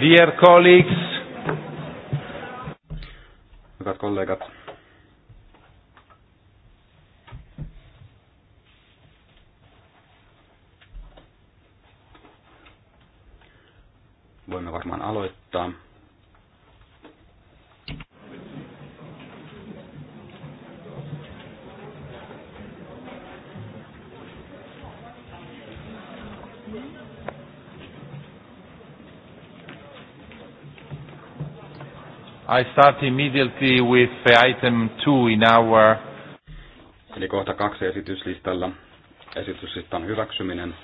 Dear colleagues. Hyvät kollegat. I start immediately with item two in our... Eli kohta kaksi esityslistalla. Esityslistan hyväksyminen.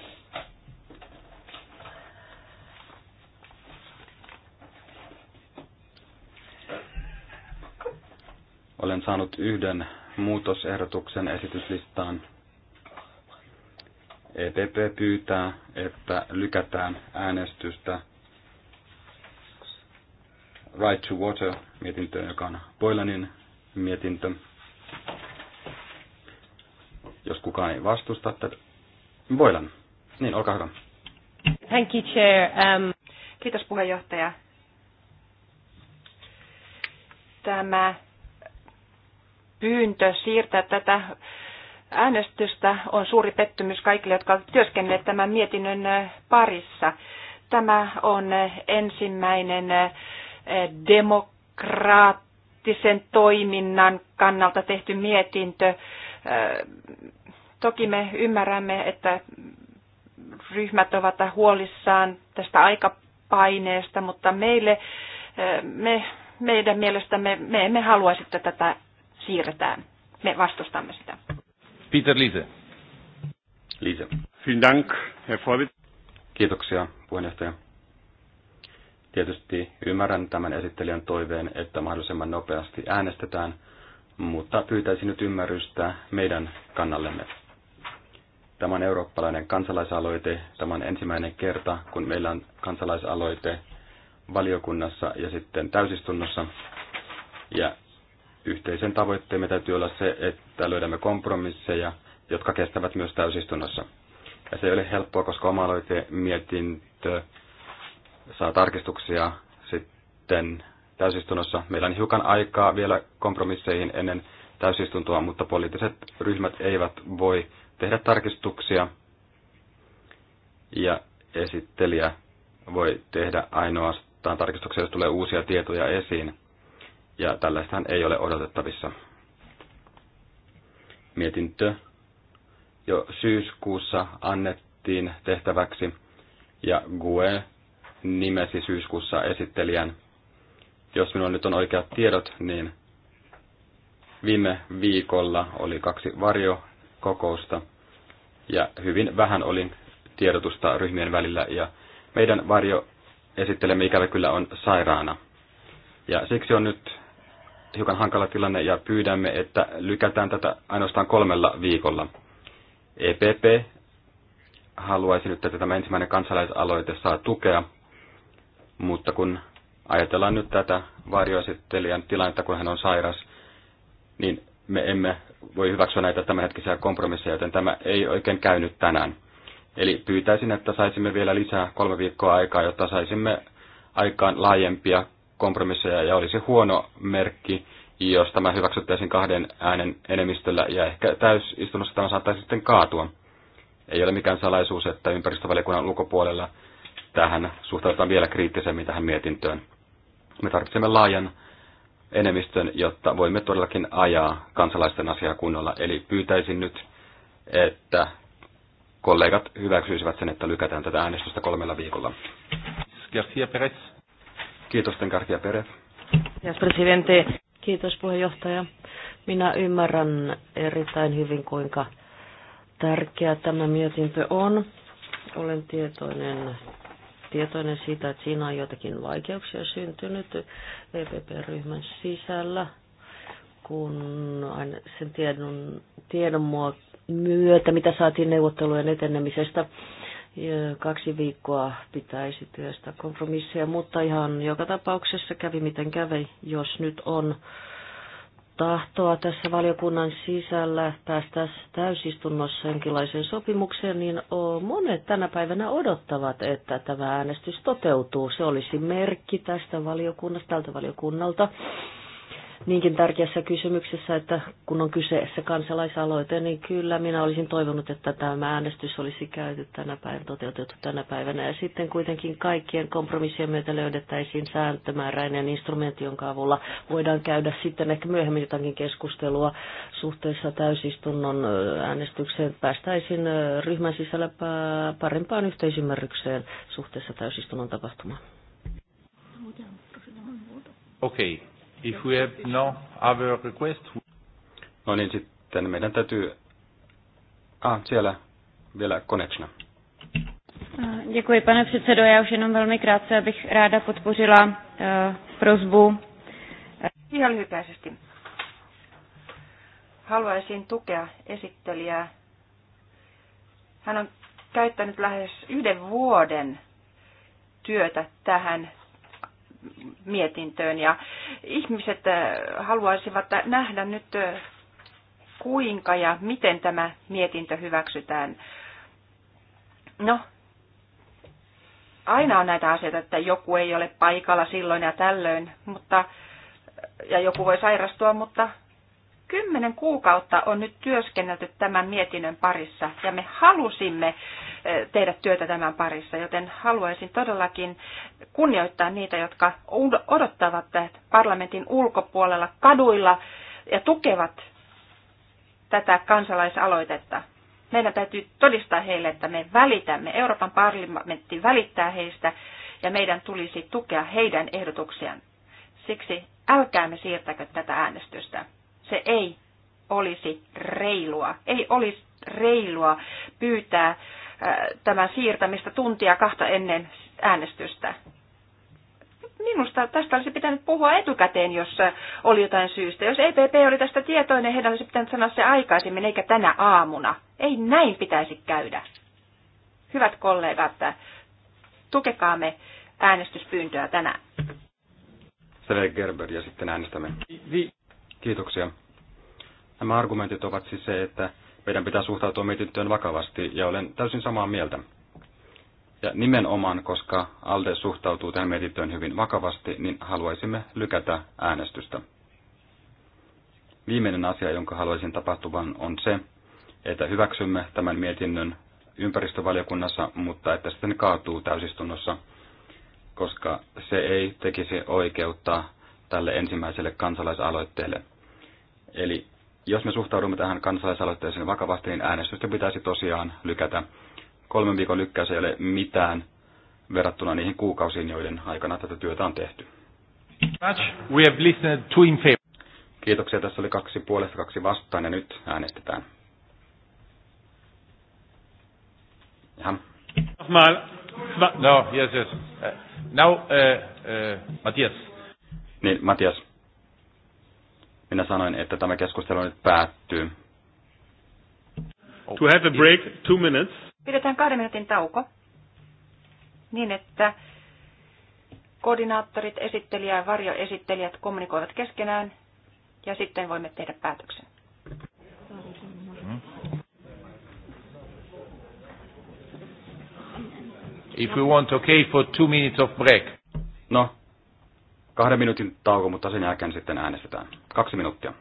Olen saanut yhden muutosehdotuksen esityslistaan. EPP pyytää, että lykätään äänestystä Right to Water mietintö, joka on Boylanin mietintö. Jos kukaan ei vastusta tätä. Boylan, niin olkaa hyvä. Thank you, Chair. Um... Kiitos puheenjohtaja. Tämä pyyntö siirtää tätä äänestystä on suuri pettymys kaikille, jotka ovat työskennelleet tämän mietinnön parissa. Tämä on ensimmäinen demokraattisen toiminnan kannalta tehty mietintö. Toki me ymmärrämme, että ryhmät ovat huolissaan tästä aikapaineesta, mutta meille, me, meidän mielestämme me emme haluaisi, että tätä siirretään. Me vastustamme sitä. Peter Lise. Lise. Vielen Dank, Herr Kiitoksia, puheenjohtaja. Tietysti ymmärrän tämän esittelijän toiveen, että mahdollisimman nopeasti äänestetään, mutta pyytäisin nyt ymmärrystä meidän kannallemme. Tämä on eurooppalainen kansalaisaloite. Tämä on ensimmäinen kerta, kun meillä on kansalaisaloite valiokunnassa ja sitten täysistunnossa. Ja yhteisen tavoitteemme täytyy olla se, että löydämme kompromisseja, jotka kestävät myös täysistunnossa. Ja se ei ole helppoa, koska oma aloite mietintö saa tarkistuksia sitten täysistunnossa. Meillä on hiukan aikaa vielä kompromisseihin ennen täysistuntoa, mutta poliittiset ryhmät eivät voi tehdä tarkistuksia ja esittelijä voi tehdä ainoastaan tarkistuksia, jos tulee uusia tietoja esiin. Ja tällaistähän ei ole odotettavissa. Mietintö jo syyskuussa annettiin tehtäväksi ja GUE nimesi syyskuussa esittelijän. Jos minulla nyt on oikeat tiedot, niin viime viikolla oli kaksi varjokokousta ja hyvin vähän oli tiedotusta ryhmien välillä ja meidän varjo esittelemme ikävä kyllä on sairaana. Ja siksi on nyt hiukan hankala tilanne ja pyydämme, että lykätään tätä ainoastaan kolmella viikolla. EPP haluaisi nyt, että tämä ensimmäinen kansalaisaloite saa tukea, mutta kun ajatellaan nyt tätä varjoesittelijän tilannetta, kun hän on sairas, niin me emme voi hyväksyä näitä tämänhetkisiä kompromisseja, joten tämä ei oikein käynyt tänään. Eli pyytäisin, että saisimme vielä lisää kolme viikkoa aikaa, jotta saisimme aikaan laajempia kompromisseja, ja olisi huono merkki, jos tämä hyväksyttäisiin kahden äänen enemmistöllä, ja ehkä täysistunnossa tämä saattaisi sitten kaatua. Ei ole mikään salaisuus, että ympäristövaliokunnan ulkopuolella tähän suhtaudutaan vielä kriittisemmin tähän mietintöön. Me tarvitsemme laajan enemmistön, jotta voimme todellakin ajaa kansalaisten asiaa kunnolla. Eli pyytäisin nyt, että kollegat hyväksyisivät sen, että lykätään tätä äänestystä kolmella viikolla. Garcia Perez. Kiitos, Garcia Perez. Kiitos, presidente. Kiitos, puheenjohtaja. Minä ymmärrän erittäin hyvin, kuinka tärkeä tämä mietintö on. Olen tietoinen tietoinen siitä, että siinä on jotakin vaikeuksia syntynyt EPP-ryhmän sisällä, kun sen tiedon, tiedon myötä, mitä saatiin neuvottelujen etenemisestä, kaksi viikkoa pitäisi työstä kompromisseja, mutta ihan joka tapauksessa kävi miten kävi, jos nyt on tahtoa tässä valiokunnan sisällä päästä täysistunnossa jonkinlaiseen sopimukseen, niin monet tänä päivänä odottavat, että tämä äänestys toteutuu. Se olisi merkki tästä valiokunnasta, tältä valiokunnalta niinkin tärkeässä kysymyksessä, että kun on kyseessä kansalaisaloite, niin kyllä minä olisin toivonut, että tämä äänestys olisi käyty tänä päivänä, toteutettu tänä päivänä. Ja sitten kuitenkin kaikkien kompromissien myötä löydettäisiin sääntömääräinen instrumentti, jonka avulla voidaan käydä sitten ehkä myöhemmin jotakin keskustelua suhteessa täysistunnon äänestykseen. Päästäisiin ryhmän sisällä parempaan yhteisymmärrykseen suhteessa täysistunnon tapahtumaan. Okei. Okay. If we have no other request. No niin, sitten meidän täytyy... Ah, siellä vielä konečna. Eh, děkuji, pane předsedo. Já už jenom velmi krátce bych ráda podpořila uh, prozbu. Ihan lyhykäisesti. Haluaisin tukea esittelijää. Hän on käyttänyt lähes yhden vuoden työtä tähän mietintöön ja ihmiset äh, haluaisivat nähdä nyt äh, kuinka ja miten tämä mietintö hyväksytään. No, aina on näitä asioita, että joku ei ole paikalla silloin ja tällöin, mutta, ja joku voi sairastua, mutta Kymmenen kuukautta on nyt työskennelty tämän mietinnön parissa ja me halusimme eh, tehdä työtä tämän parissa, joten haluaisin todellakin kunnioittaa niitä, jotka odottavat parlamentin ulkopuolella kaduilla ja tukevat tätä kansalaisaloitetta. Meidän täytyy todistaa heille, että me välitämme, Euroopan parlamentti välittää heistä ja meidän tulisi tukea heidän ehdotuksiaan. Siksi älkäämme siirtäkö tätä äänestystä. Se ei olisi reilua. Ei olisi reilua pyytää äh, tämän siirtämistä tuntia kahta ennen äänestystä. Minusta tästä olisi pitänyt puhua etukäteen, jos äh, oli jotain syystä. Jos EPP oli tästä tietoinen, heidän olisi pitänyt sanoa se aikaisemmin, eikä tänä aamuna. Ei näin pitäisi käydä. Hyvät kollegat, äh, tukekaamme äänestyspyyntöä tänään. Seve Gerber ja sitten äänestämme. Kiitoksia. Nämä argumentit ovat siis se, että meidän pitää suhtautua mietintöön vakavasti, ja olen täysin samaa mieltä. Ja nimenomaan, koska ALDE suhtautuu tähän mietintöön hyvin vakavasti, niin haluaisimme lykätä äänestystä. Viimeinen asia, jonka haluaisin tapahtuvan, on se, että hyväksymme tämän mietinnön ympäristövaliokunnassa, mutta että sitten kaatuu täysistunnossa, koska se ei tekisi oikeutta tälle ensimmäiselle kansalaisaloitteelle – Eli jos me suhtaudumme tähän kansalaisaloitteeseen vakavasti, niin äänestystä pitäisi tosiaan lykätä. Kolmen viikon lykkäys ei ole mitään verrattuna niihin kuukausiin, joiden aikana tätä työtä on tehty. Kiitoksia. Tässä oli kaksi puolesta, kaksi vastaan ja nyt äänestetään. Jaha. No, yes, yes. Uh, now, uh, uh, Matthias. Niin, Matias. Minä sanoin, että tämä keskustelu nyt päättyy. To have a break, two minutes. Pidetään kahden minuutin tauko, niin että koordinaattorit, esittelijä ja varjoesittelijät kommunikoivat keskenään, ja sitten voimme tehdä päätöksen. If we want, okay, for two minutes of break. No, kahden minuutin tauko, mutta sen jälkeen sitten äänestetään. Kaksi minuuttia.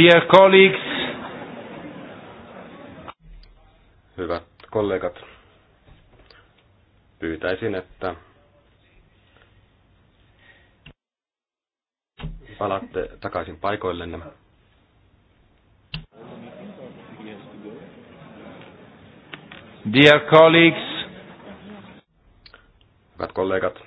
Dear colleagues. Hyvät kollegat, pyytäisin, että palatte takaisin paikoillenne. Dear colleagues. Hyvät kollegat,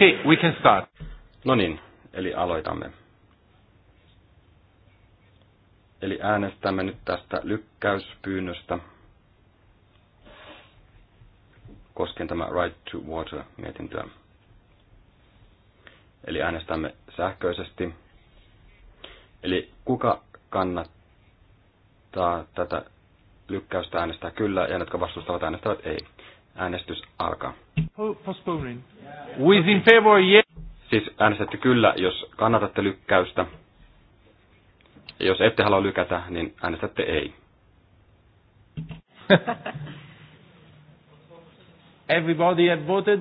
Okay, we can start. No niin, eli aloitamme. Eli äänestämme nyt tästä lykkäyspyynnöstä koskien tämä Right to Water-mietintöä. Eli äänestämme sähköisesti. Eli kuka kannattaa tätä lykkäystä äänestää kyllä ja ne, jotka vastustavat äänestävät ei. Äänestys alkaa. Postponing. With in favor, yes. Siis äänestätte kyllä, jos kannatatte lykkäystä. Ja jos ette halua lykätä, niin äänestätte ei. Everybody had voted.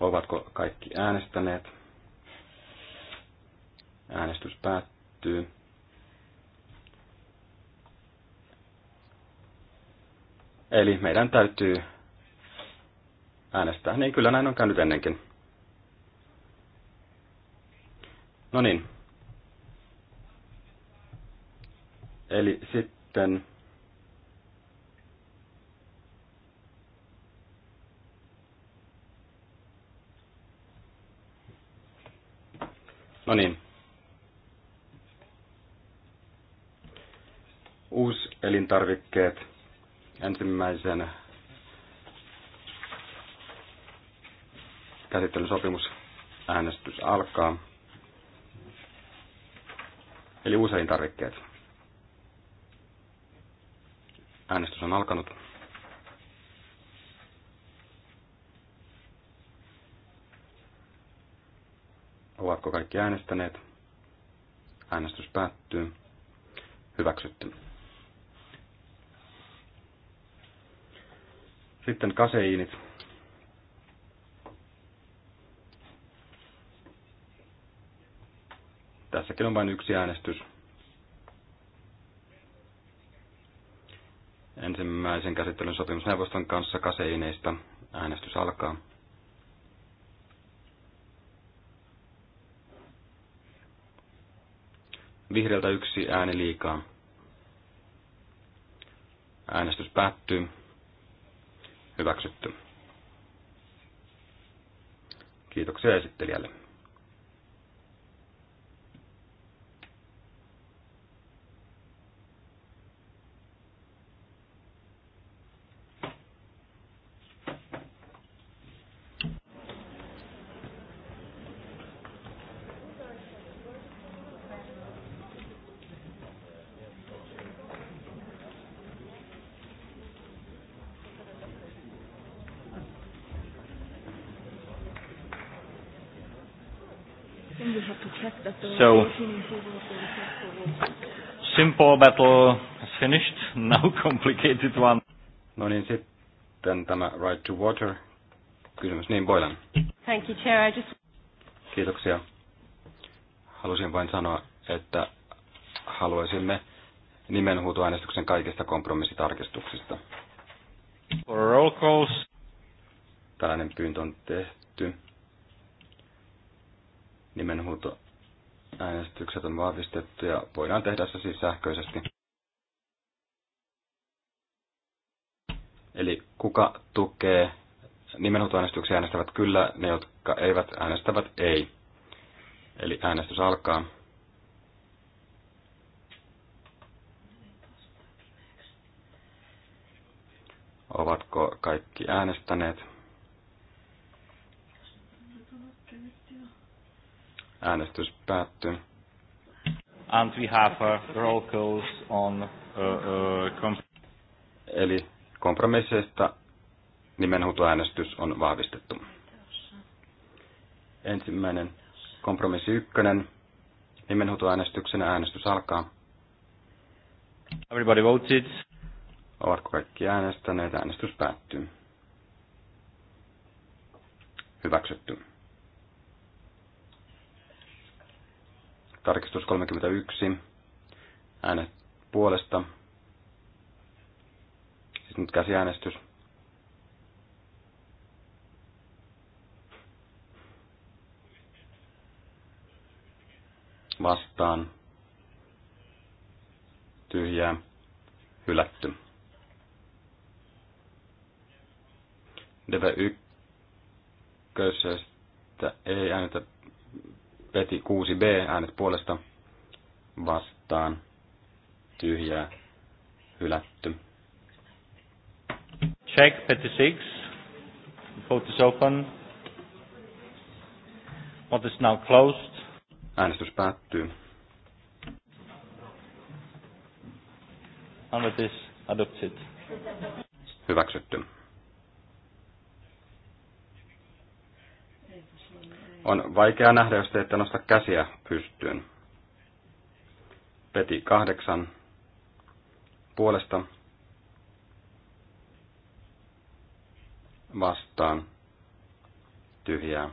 Ovatko kaikki äänestäneet? Äänestys päättyy. Eli meidän täytyy äänestää. Niin kyllä näin on käynyt ennenkin. No niin. Eli sitten No niin. elintarvikkeet, ensimmäisen käsittelysopimus. Äänestys alkaa. Eli usein tarvikkeet. Äänestys on alkanut. Ovatko kaikki äänestäneet? Äänestys päättyy. Hyväksytty. Sitten kaseiinit. Tässäkin on vain yksi äänestys. Ensimmäisen käsittelyn sopimusneuvoston kanssa kaseineista äänestys alkaa. Vihreältä yksi ääni liikaa. Äänestys päättyy. Hyväksytty. Kiitoksia esittelijälle. So, simple battle is finished, now complicated one. No niin, sitten tämä right to water kysymys. Niin, Boylan. Thank you, Chair. I just... Kiitoksia. Halusin vain sanoa, että haluaisimme nimenhuutoäänestyksen kaikista kompromissitarkistuksista. Roll calls. Tällainen pyyntö on tehty. Nimenhuuto äänestykset on vahvistettu ja voidaan tehdä se siis sähköisesti. Eli kuka tukee nimenhuutoäänestyksiä äänestävät kyllä, ne jotka eivät äänestävät ei. Eli äänestys alkaa. Ovatko kaikki äänestäneet? Äänestys päättyy. And we have a uh, roll calls on uh, uh, Eli kompromisseista nimenhuutoäänestys on vahvistettu. Ensimmäinen kompromissi ykkönen. Nimenhuutoäänestyksen äänestys alkaa. Everybody voted. Ovatko kaikki äänestäneet? Äänestys päättyy. Hyväksytty. Tarkistus 31. Äänet puolesta. Siis nyt käsiäänestys. Vastaan. Tyhjää. Hylätty. Deve ykkösestä ei äänetä Peti 6b, äänet puolesta vastaan, tyhjää, hylätty. Check Peti 6. Vote is open. Vote is now closed. Äänestys päättyy. And it is adopted. Hyväksytty. On vaikea nähdä, jos te ette nosta käsiä pystyyn. Peti kahdeksan puolesta vastaan tyhjää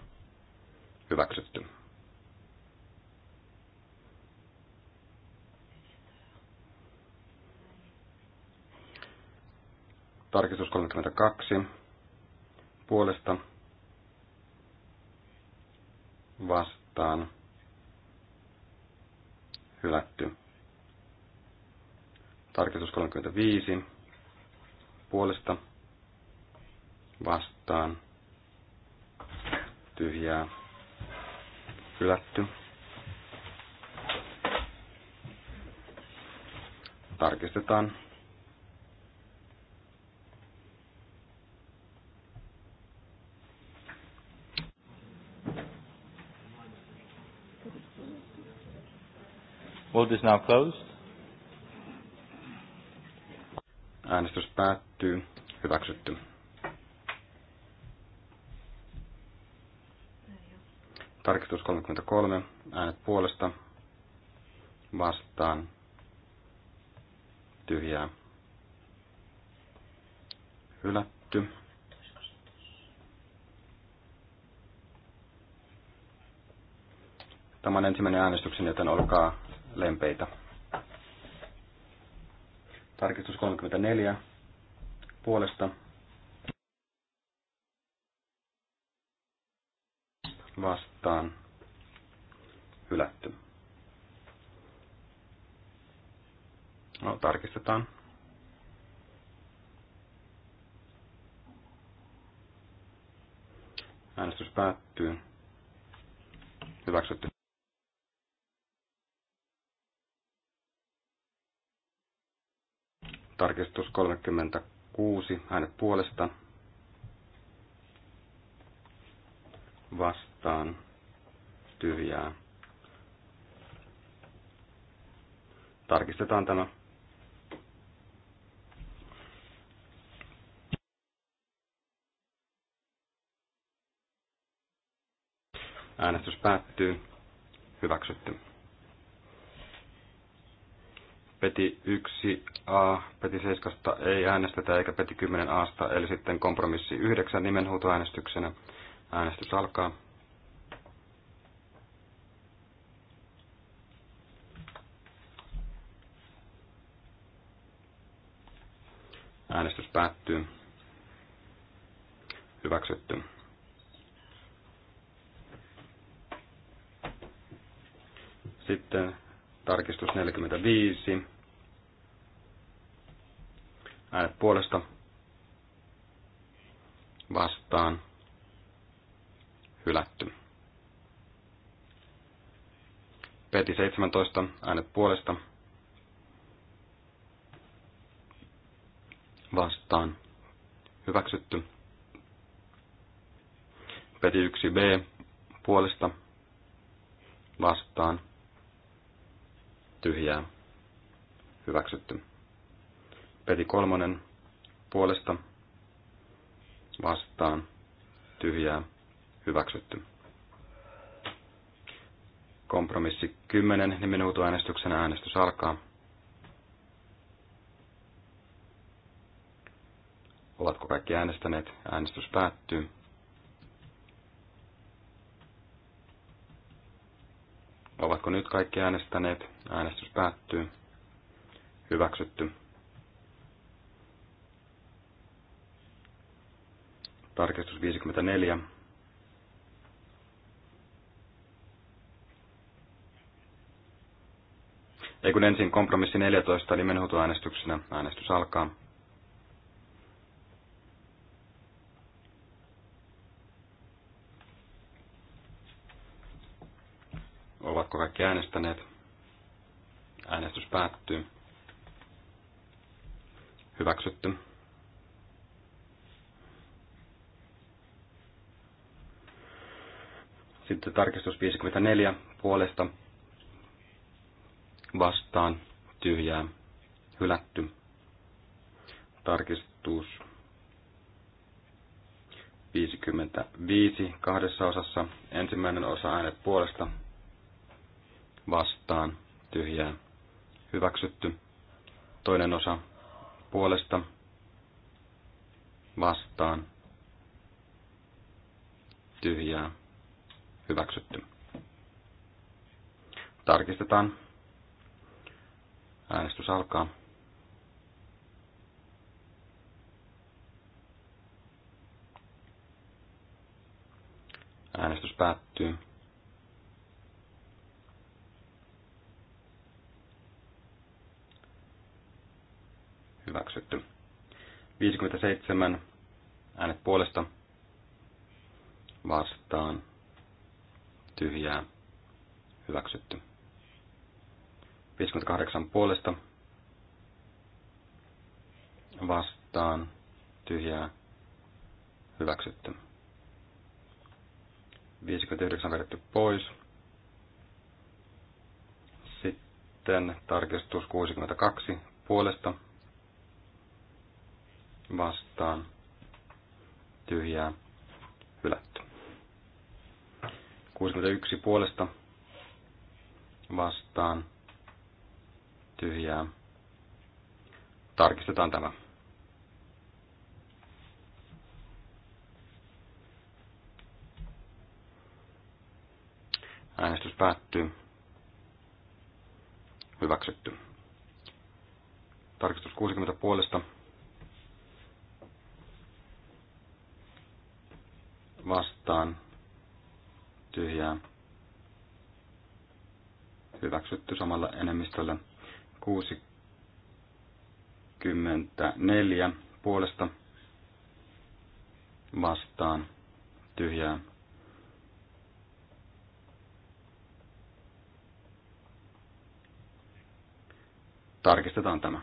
hyväksytty. Tarkistus 32 puolesta vastaan hylätty. Tarkistus 35 puolesta vastaan tyhjää hylätty. Tarkistetaan Vote is now closed. Äänestys päättyy. Hyväksytty. Tarkistus 33. Äänet puolesta. Vastaan. Tyhjää. Hylätty. Tämä on ensimmäinen äänestyksen, joten olkaa lempeitä. Tarkistus 34 puolesta vastaan hylätty. No, tarkistetaan. Äänestys päättyy. Hyväksytty. Tarkistus 36, hänet puolesta vastaan tyhjää. Tarkistetaan tämä. Äänestys päättyy. Hyväksytty. Peti 1a, Peti 7 ei äänestetä eikä Peti 10 asta, eli sitten kompromissi 9 nimenhuutoäänestyksenä. Äänestys alkaa. Äänestys päättyy. Hyväksytty. Sitten tarkistus 45 Äänet puolesta vastaan hylätty. Peti 17, äänet puolesta vastaan hyväksytty. Peti 1b puolesta vastaan tyhjää hyväksytty. Peti kolmonen puolesta vastaan tyhjää hyväksytty. Kompromissi 10 nimenhuutoäänestyksen niin äänestys alkaa. Ovatko kaikki äänestäneet? Äänestys päättyy. Ovatko nyt kaikki äänestäneet? Äänestys päättyy. Hyväksytty. Tarkistus 54. Ei kun ensin kompromissi 14 nimenhuutoäänestyksenä. Äänestys alkaa. Ovatko kaikki äänestäneet? Äänestys päättyy. Hyväksytty. Sitten tarkistus 54 puolesta vastaan tyhjää hylätty. Tarkistus 55 kahdessa osassa. Ensimmäinen osa äänet puolesta vastaan tyhjää hyväksytty. Toinen osa puolesta vastaan tyhjää hyväksytty. Tarkistetaan. Äänestys alkaa. Äänestys päättyy. Hyväksytty. 57 äänet puolesta vastaan tyhjää hyväksytty. 58 puolesta vastaan tyhjää hyväksytty. 59 vedetty pois. Sitten tarkistus 62 puolesta vastaan tyhjää hylätty. 61 puolesta vastaan tyhjää. Tarkistetaan tämä. Äänestys päättyy. Hyväksytty. Tarkistus 60 puolesta. Vastaan tyhjää. Hyväksytty samalla enemmistöllä 64 puolesta vastaan tyhjää. Tarkistetaan tämä.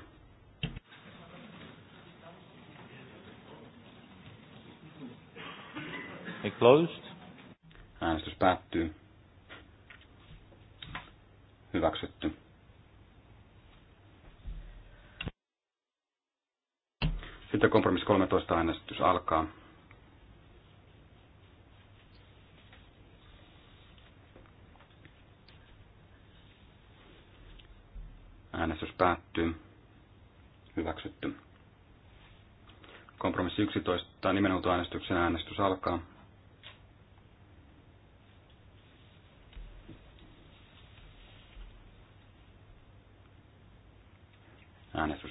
It closed. Äänestys päättyy. Hyväksytty. Sitten kompromissi 13 äänestys alkaa. Äänestys päättyy. Hyväksytty. Kompromissi 11. Nimenhuutoäänestyksen äänestys alkaa.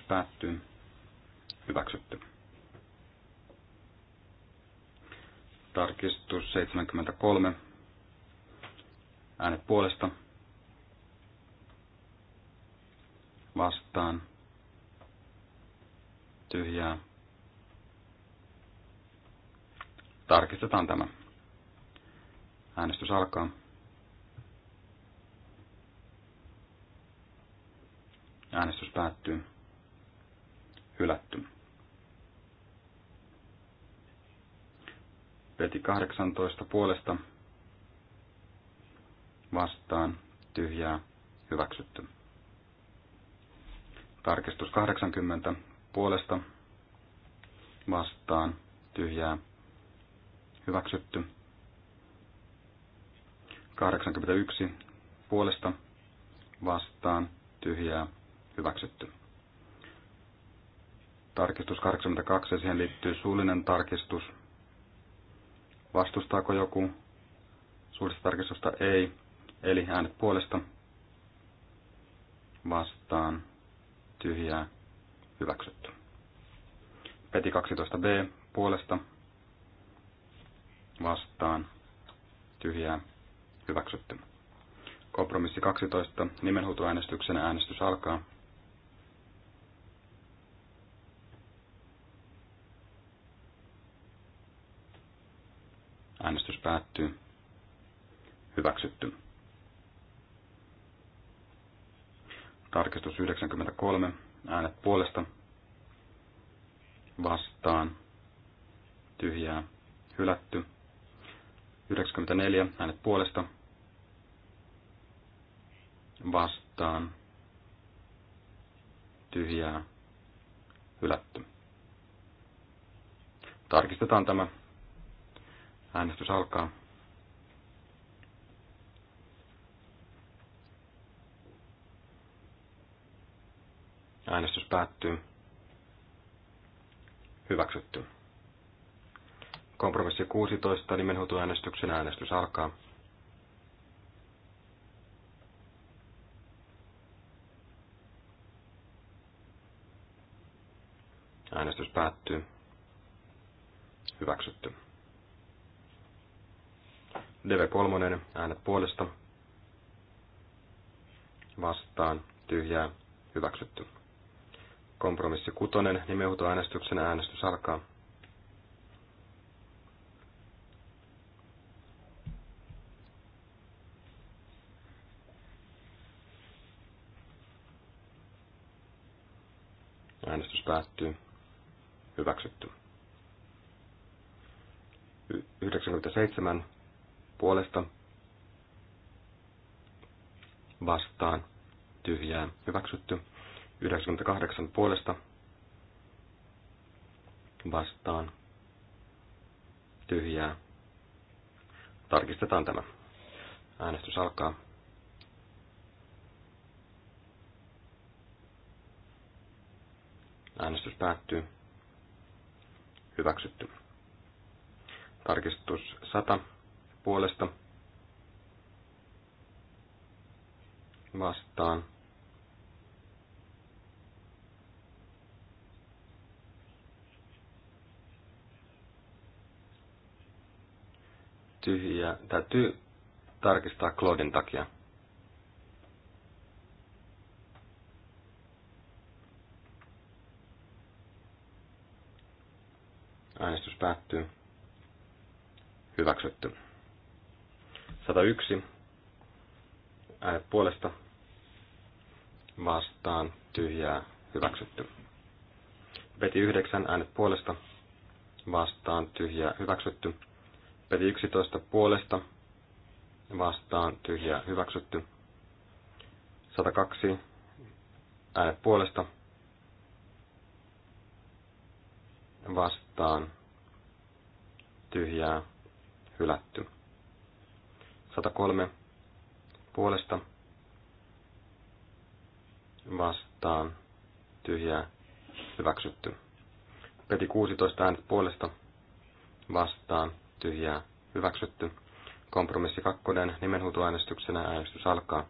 Päättyy. Hyväksytty. Tarkistus 73. Äänet puolesta. Vastaan. Tyhjää. Tarkistetaan tämä. Äänestys alkaa. Äänestys päättyy hylätty. Peti 18 puolesta vastaan tyhjää hyväksytty. Tarkistus 80 puolesta vastaan tyhjää hyväksytty. 81 puolesta vastaan tyhjää hyväksytty. Tarkistus 82, siihen liittyy suullinen tarkistus. Vastustaako joku? Suullista tarkistusta ei, eli äänet puolesta vastaan tyhjää hyväksytty. Peti 12b puolesta vastaan tyhjää hyväksytty. Kompromissi 12 nimenhuutoäänestyksen äänestys alkaa. Äänestys päättyy. Hyväksytty. Tarkistus 93. Äänet puolesta. Vastaan. Tyhjää. Hylätty. 94. Äänet puolesta. Vastaan. Tyhjää. Hylätty. Tarkistetaan tämä Äänestys alkaa. Äänestys päättyy. Hyväksytty. Kompromissi 16 äänestyksen äänestys alkaa. Äänestys päättyy. Hyväksytty. Deve kolmonen, äänet puolesta. Vastaan, tyhjää, hyväksytty. Kompromissi nimenhuuto nimenhuutoäänestyksen äänestys alkaa. Äänestys päättyy. Hyväksytty. 97 puolesta vastaan tyhjää hyväksytty. 98 puolesta vastaan tyhjää. Tarkistetaan tämä. Äänestys alkaa. Äänestys päättyy. Hyväksytty. Tarkistus 100 puolesta vastaan. Tyhjä. Täytyy tarkistaa Claudin takia. Äänestys päättyy. Hyväksytty. 101 äänet puolesta vastaan tyhjää hyväksytty. Peti 9 äänet puolesta vastaan tyhjää hyväksytty. Peti 11 puolesta vastaan tyhjää hyväksytty. 102 äänet puolesta vastaan tyhjää hylätty. 103 puolesta vastaan tyhjää hyväksytty. Peti 16 äänet puolesta vastaan tyhjää hyväksytty. Kompromissi 2 nimenhuutoäänestyksenä äänestys alkaa.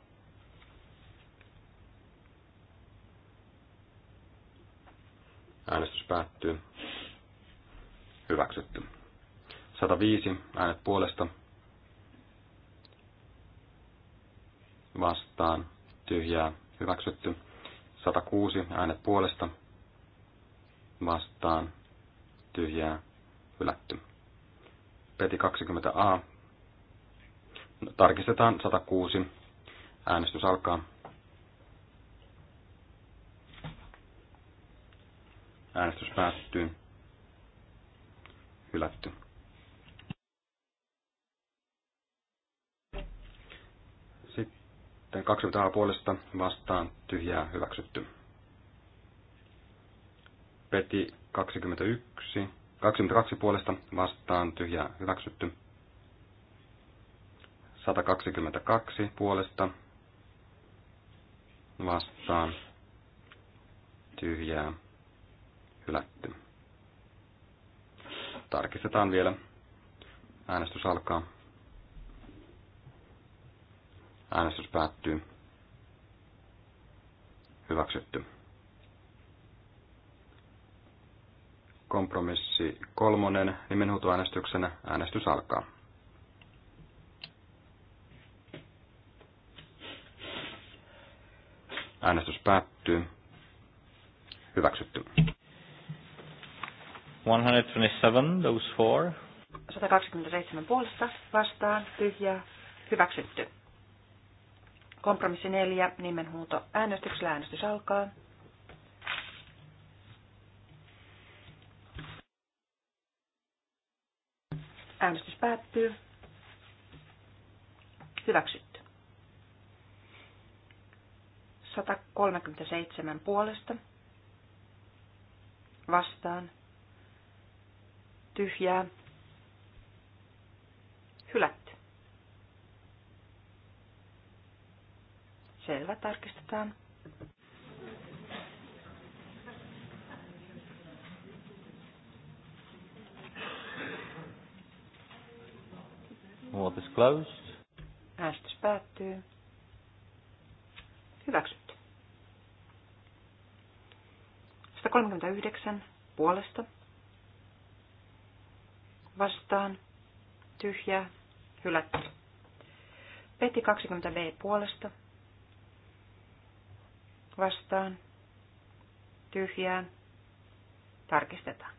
Äänestys päättyy. Hyväksytty. 105 äänet puolesta vastaan tyhjää hyväksytty. 106 äänet puolesta vastaan tyhjää hylätty. Peti 20a. No, tarkistetaan 106. Äänestys alkaa. Äänestys päättyy. Hylätty. Sitten 20 puolesta vastaan tyhjää hyväksytty. Peti 21, 22 puolesta vastaan tyhjää hyväksytty. 122 puolesta vastaan tyhjää hylätty. Tarkistetaan vielä. Äänestys alkaa. Äänestys päättyy. Hyväksytty. Kompromissi kolmonen nimenhuutoäänestyksenä. Äänestys alkaa. Äänestys päättyy. Hyväksytty. 127, those four. 127 puolesta vastaan, tyhjää, hyväksytty. Kompromissi neljä, nimenhuuto äänestyksellä. Äänestys alkaa. Äänestys päättyy. Hyväksytty. 137 puolesta. Vastaan. Tyhjää. Hylätty. Selvä, tarkistetaan. Vote closed. Äänestys päättyy. Hyväksytty. 139 puolesta. Vastaan. Tyhjää. Hylätty. Peti 20b puolesta vastaan, tyhjään tarkistetaan.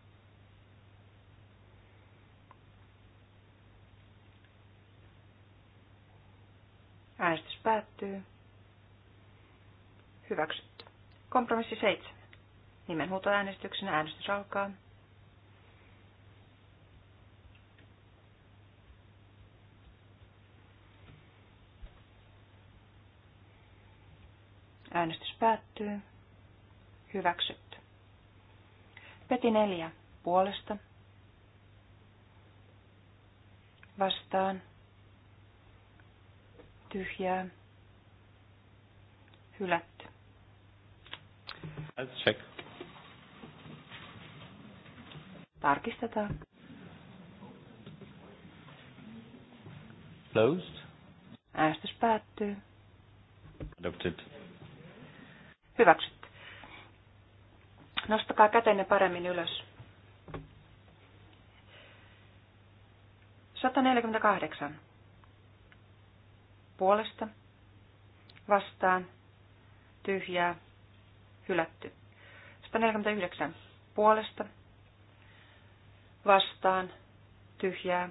Äänestys päättyy. Hyväksytty. Kompromissi 7. Nimenhuutoäänestyksen äänestys alkaa. Äänestys päättyy. Hyväksytty. Peti neljä puolesta. Vastaan. Tyhjää. Hylätty. check. Tarkistetaan. Closed. Äänestys päättyy. Adopted hyväksytte. Nostakaa kätenne paremmin ylös. 148. Puolesta. Vastaan. Tyhjää. Hylätty. 149. Puolesta. Vastaan. Tyhjää.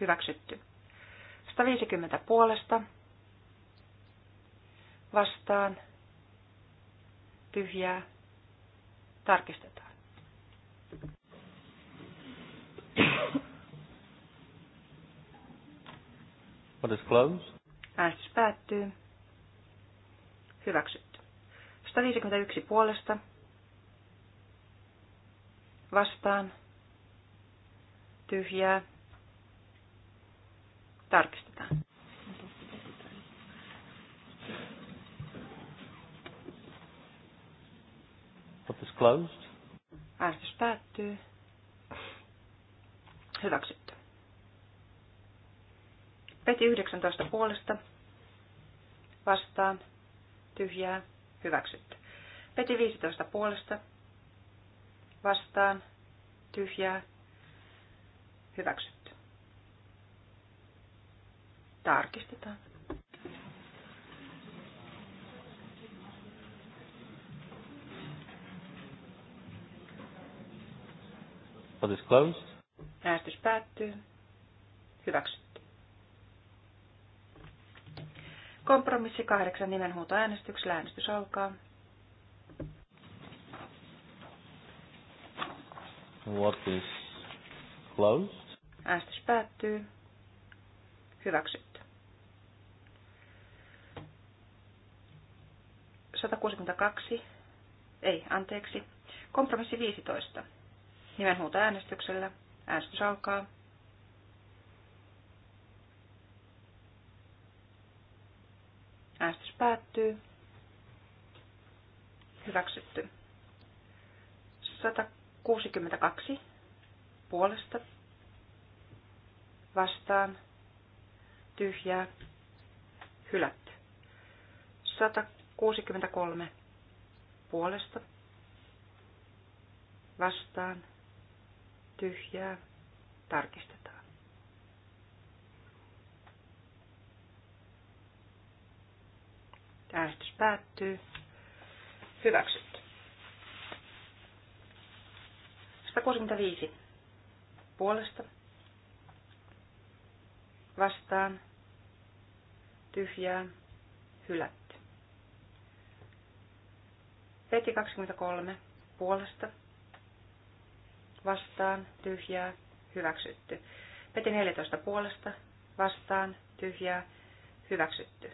Hyväksytty. 150 puolesta. Vastaan tyhjää tarkistetaan. What is closed? Äänestys päättyy. Hyväksytty. 151 puolesta. Vastaan. Tyhjää. Tarkistetaan. closed. Äänestys päättyy. Hyväksytty. Peti 19 puolesta. Vastaan. Tyhjää. Hyväksytty. Peti 15 puolesta. Vastaan. Tyhjää. Hyväksytty. Tarkistetaan. Vote is closed. Äänestys päättyy. Hyväksytty. Kompromissi kahdeksan nimenhuutoäänestyksellä. Äänestys alkaa. What is closed. Äänestys päättyy. Hyväksytty. 162. Ei, anteeksi. Kompromissi 15. Nimenhuuto äänestyksellä. Äänestys alkaa. Äänestys päättyy. Hyväksytty. 162 puolesta vastaan tyhjää hylätty. 163 puolesta vastaan tyhjää tarkistetaan. Äänestys päättyy. Hyväksytty. 165. Puolesta. Vastaan. Tyhjään. Hylätty. Peti 23. Puolesta vastaan, tyhjää, hyväksytty. Peti 14 puolesta, vastaan, tyhjää, hyväksytty.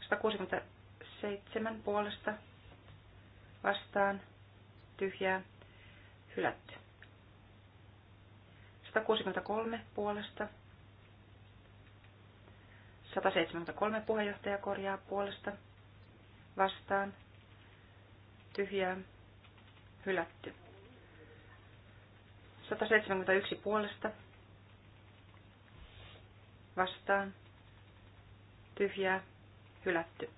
167 puolesta, vastaan, tyhjää, hylätty. 163 puolesta, 173 puheenjohtaja korjaa puolesta, vastaan, tyhjää, hylätty. 171 puolesta vastaan tyhjää hylätty.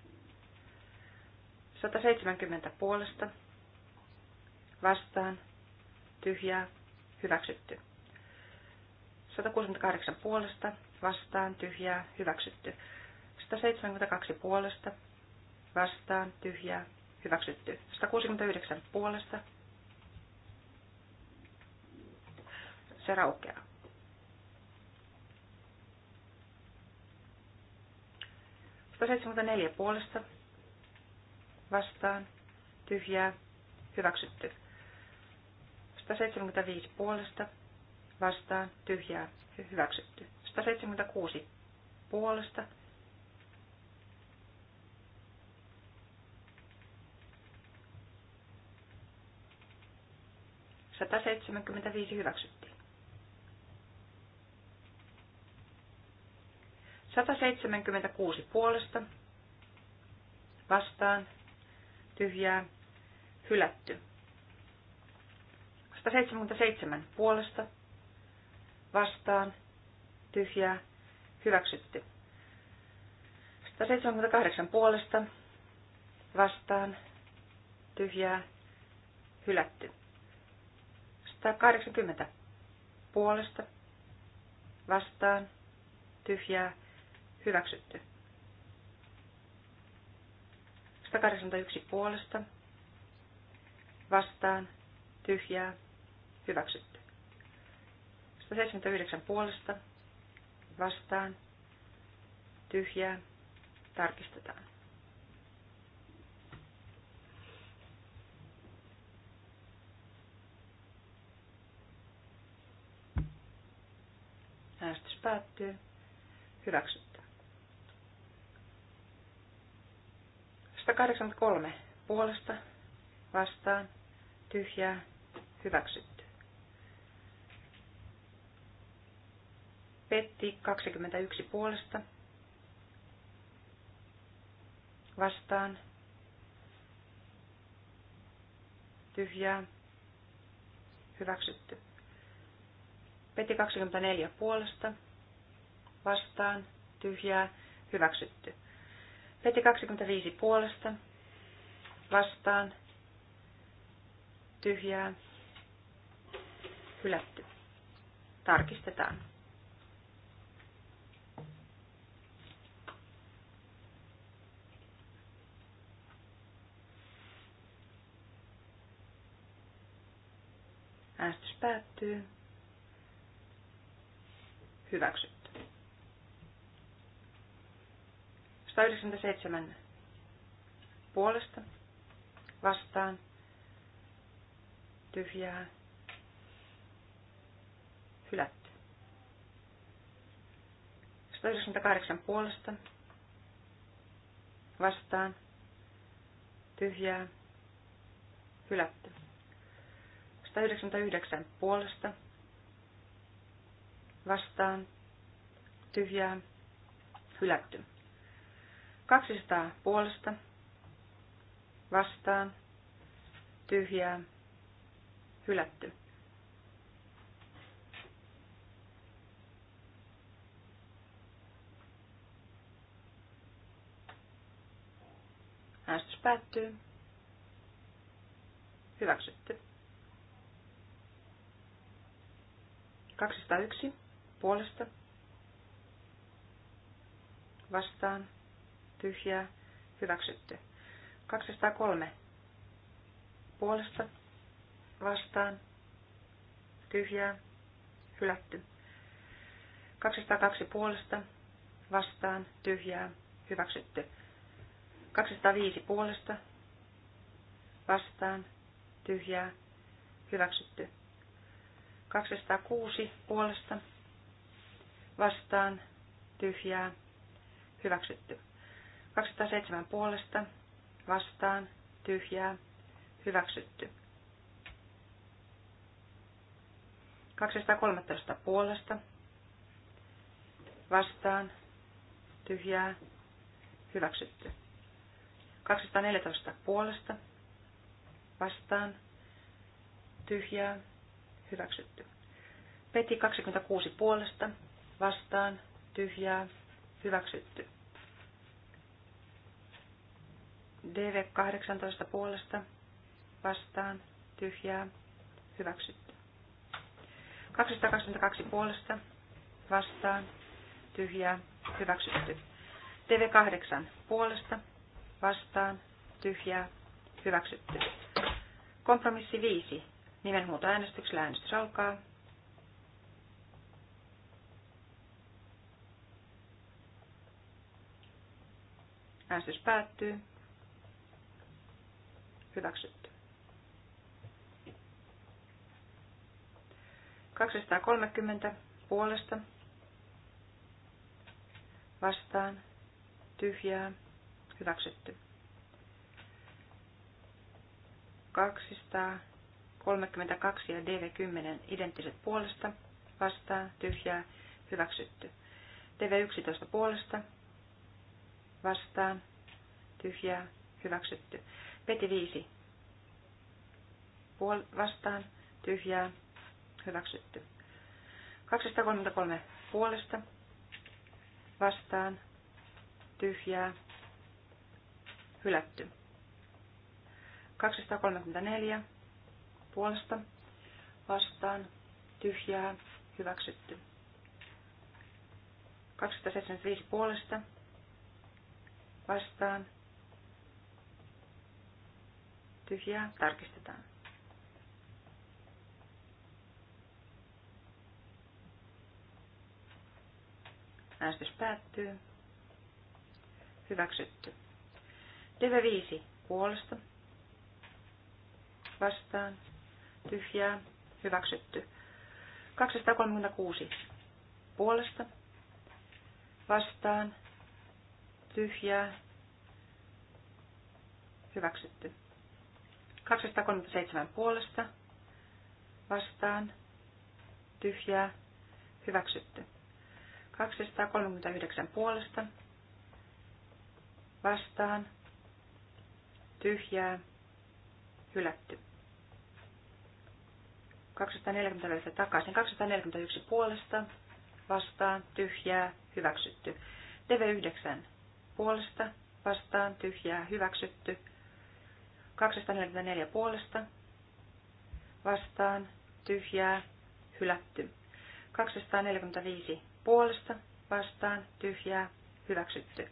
170 puolesta vastaan tyhjää hyväksytty. 168 puolesta vastaan tyhjää hyväksytty. 172 puolesta vastaan tyhjää hyväksytty. 169 puolesta se raukeaa. neljä puolesta vastaan tyhjää hyväksytty. 175 puolesta vastaan tyhjää hyväksytty. 176 puolesta viisi hyväksytty. 176 puolesta vastaan tyhjää hylätty. 177 puolesta vastaan tyhjää hyväksytty. 178 puolesta vastaan tyhjää hylätty. 180 puolesta vastaan tyhjää Hyväksytty. 181 puolesta. Vastaan. Tyhjää. Hyväksytty. 179 puolesta. Vastaan. Tyhjää. Tarkistetaan. Äänestys päättyy. Hyväksytty. 183 puolesta vastaan tyhjää hyväksytty. Petti 21 puolesta vastaan tyhjää hyväksytty. Peti 24 puolesta vastaan tyhjää hyväksytty. Peti 25 puolesta. Vastaan. Tyhjää. Hylätty. Tarkistetaan. Äänestys päättyy. Hyväksytty. 197 puolesta vastaan tyhjää hylätty. 198 puolesta vastaan tyhjää hylätty. 199 puolesta vastaan tyhjää hylätty. 200 puolesta vastaan tyhjää hylätty. Äänestys päättyy. Hyväksytty. 201 puolesta vastaan tyhjää, hyväksytty. 203 puolesta, vastaan, tyhjää, hylätty. 202 puolesta, vastaan, tyhjää, hyväksytty. 205 puolesta, vastaan, tyhjää, hyväksytty. 206 puolesta, vastaan, tyhjää, hyväksytty. 207 puolesta vastaan tyhjää hyväksytty. 213 puolesta vastaan tyhjää hyväksytty. 214 puolesta vastaan tyhjää hyväksytty. Peti 26 puolesta vastaan tyhjää hyväksytty. DV18 puolesta vastaan tyhjää hyväksytty. 222 puolesta vastaan tyhjää hyväksytty. dv 8 puolesta vastaan tyhjää hyväksytty. Kompromissi 5. äänestyksellä äänestys alkaa. Äänestys päättyy. Hyväksytty. 230 puolesta vastaan tyhjää hyväksytty. 232 ja DV10 identtiset puolesta vastaan tyhjää hyväksytty. DV11 puolesta vastaan tyhjää hyväksytty. Peti viisi Puol- vastaan. Tyhjää. Hyväksytty. 233 puolesta. Vastaan. Tyhjää. Hylätty. 234 puolesta. Vastaan. Tyhjää. Hyväksytty. 275 puolesta. Vastaan tyhjää, tarkistetaan. Äänestys päättyy. Hyväksytty. Live 5 puolesta. Vastaan. Tyhjää. Hyväksytty. 236 puolesta. Vastaan. Tyhjää. Hyväksytty. 237 puolesta vastaan tyhjää hyväksytty. 239 puolesta vastaan tyhjää hylätty. 240 takaisin. 241 puolesta vastaan tyhjää hyväksytty. TV9 puolesta vastaan tyhjää hyväksytty. 244 puolesta vastaan tyhjää hylätty. 245 puolesta vastaan tyhjää hyväksytty.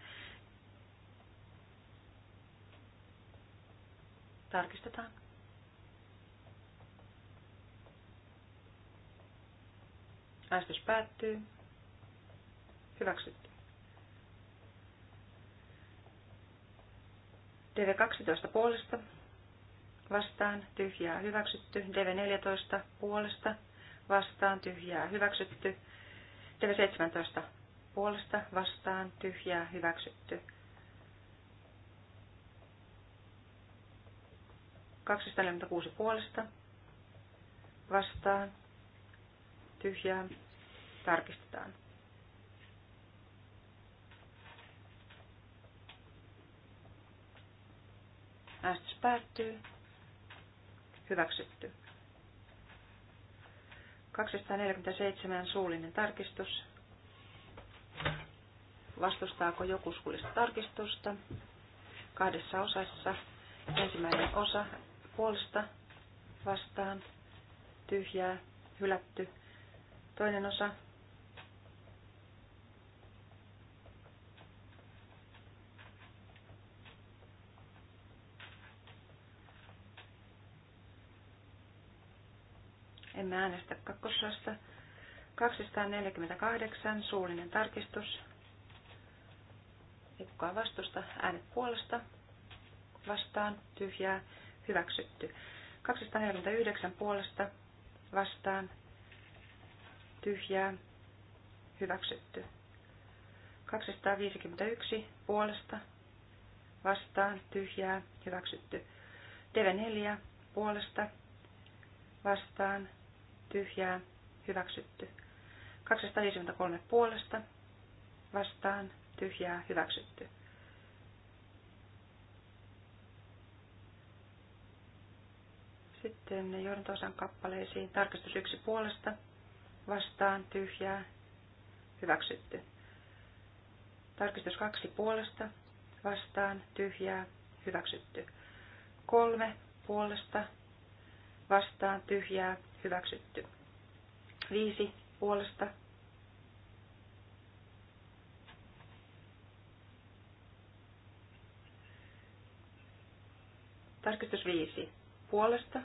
Tarkistetaan. Äänestys päättyy. Hyväksytty. DV12 puolesta vastaan tyhjää hyväksytty. DV14 puolesta vastaan tyhjää hyväksytty. DV17 puolesta vastaan tyhjää hyväksytty. 246 puolesta vastaan tyhjää tarkistetaan. päättyy. Hyväksytty. 247 suullinen tarkistus. Vastustaako joku suullista tarkistusta? Kahdessa osassa. Ensimmäinen osa puolesta vastaan. Tyhjää. Hylätty. Toinen osa Emme äänestä kakkososasta. 248, suullinen tarkistus. Ei kukaan vastusta. Äänet puolesta. Vastaan. Tyhjää. Hyväksytty. 249 puolesta. Vastaan. Tyhjää. Hyväksytty. 251 puolesta. Vastaan. Tyhjää. Hyväksytty. TV4 puolesta. Vastaan tyhjää, hyväksytty. 253 puolesta, vastaan, tyhjää, hyväksytty. Sitten johdantosan kappaleisiin tarkistus yksi puolesta, vastaan, tyhjää, hyväksytty. Tarkistus kaksi puolesta, vastaan, tyhjää, hyväksytty. Kolme puolesta, vastaan, tyhjää, hyväksytty. Viisi puolesta Tarkistus viisi. Puolesta.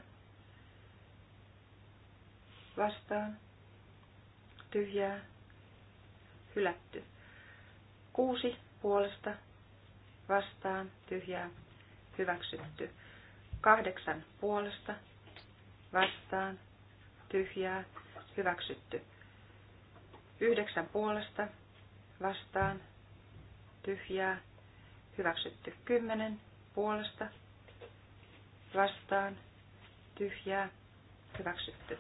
Vastaan. Tyhjää. Hylätty. Kuusi. Puolesta. Vastaan. Tyhjää. Hyväksytty. Kahdeksan. Puolesta. Vastaan tyhjää, hyväksytty. Yhdeksän puolesta, vastaan, tyhjää, hyväksytty. Kymmenen puolesta, vastaan, tyhjää, hyväksytty.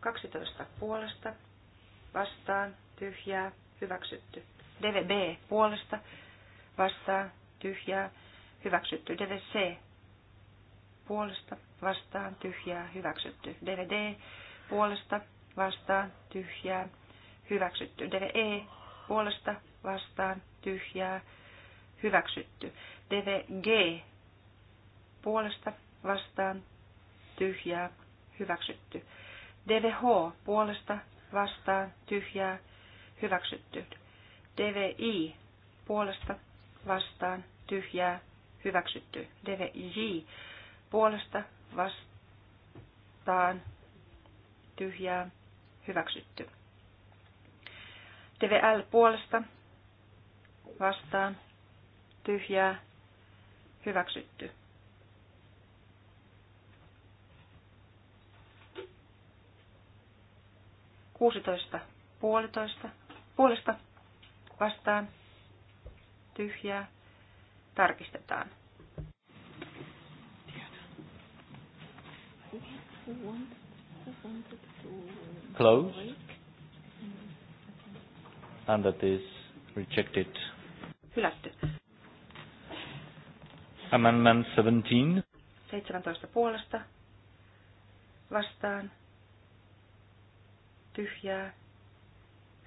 kaksitoista puolesta, vastaan, tyhjää, hyväksytty. DVB puolesta, vastaan, tyhjää, hyväksytty. DVC puolesta, vastaan tyhjää hyväksytty. DVD puolesta vastaan tyhjää hyväksytty. DVE puolesta vastaan tyhjää hyväksytty. DVG puolesta vastaan tyhjää hyväksytty. DVH puolesta vastaan tyhjää hyväksytty. DVI puolesta vastaan tyhjää hyväksytty. DVJ puolesta vastaan tyhjää hyväksytty. TVL puolesta vastaan tyhjää hyväksytty. Kuusitoista puolitoista puolesta vastaan tyhjää tarkistetaan. close? And that is rejected. Hylätty. Amendment 17. 17 puolesta. Vastaan. Tyhjää.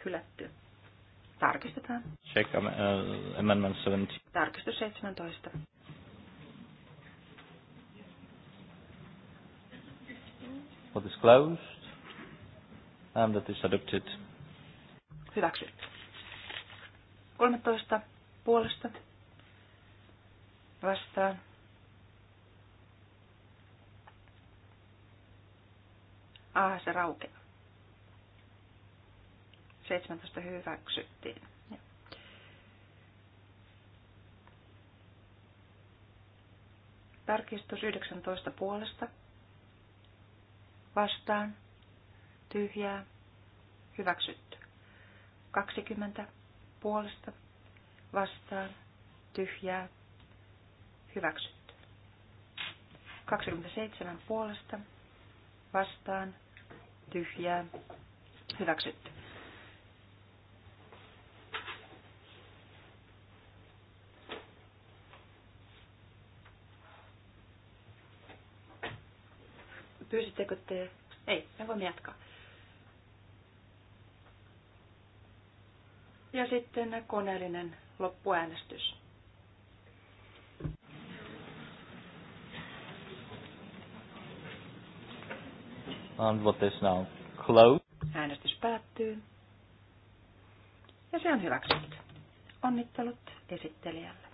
Hylätty. Tarkistetaan. Check uh, amendment 17. Tarkistus 17. What is closed? And that is adopted. Hyväksy. 13 puolesta vastaan. Ah, se raukeaa. 17 hyväksyttiin. Tarkistus 19 puolesta vastaan, tyhjää, hyväksytty. 20 puolesta vastaan, tyhjää, hyväksytty. 27 puolesta vastaan, tyhjää, hyväksytty. Pyysittekö te? Ei, me voimme jatkaa. Ja sitten koneellinen loppuäänestys. And what is now closed. Äänestys päättyy. Ja se on hyväksytty. Onnittelut esittelijälle.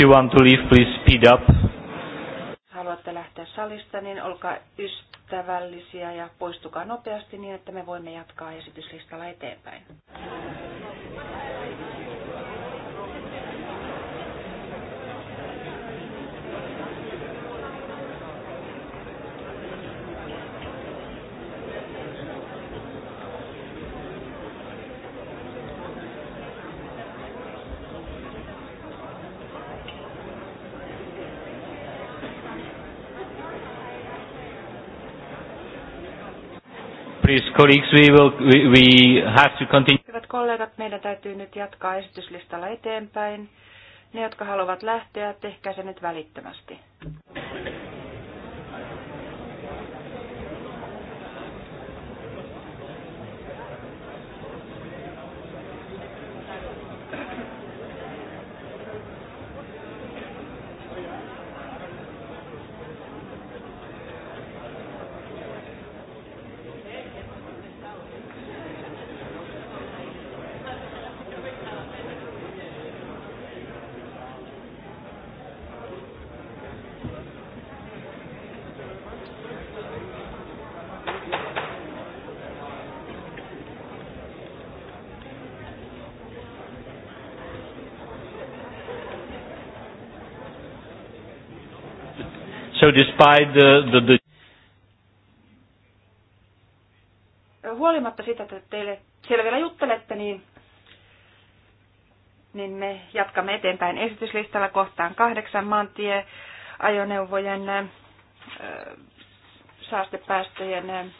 you want to leave, please speed up. Haluatte lähteä salista, niin olkaa ystävällisiä ja poistukaa nopeasti niin, että me voimme jatkaa esityslistalla eteenpäin. colleagues, we will, we, we have to continue. Hyvät kollegat, meidän täytyy nyt jatkaa esityslistalla eteenpäin. Ne, jotka haluavat lähteä, tehkää se nyt välittömästi. despite the, the, the huolimatta siitä, että teille siellä vielä juttelette, niin, niin me jatkamme eteenpäin esityslistalla kohtaan kahdeksan maantie ajoneuvojen äh, saastepäästöjen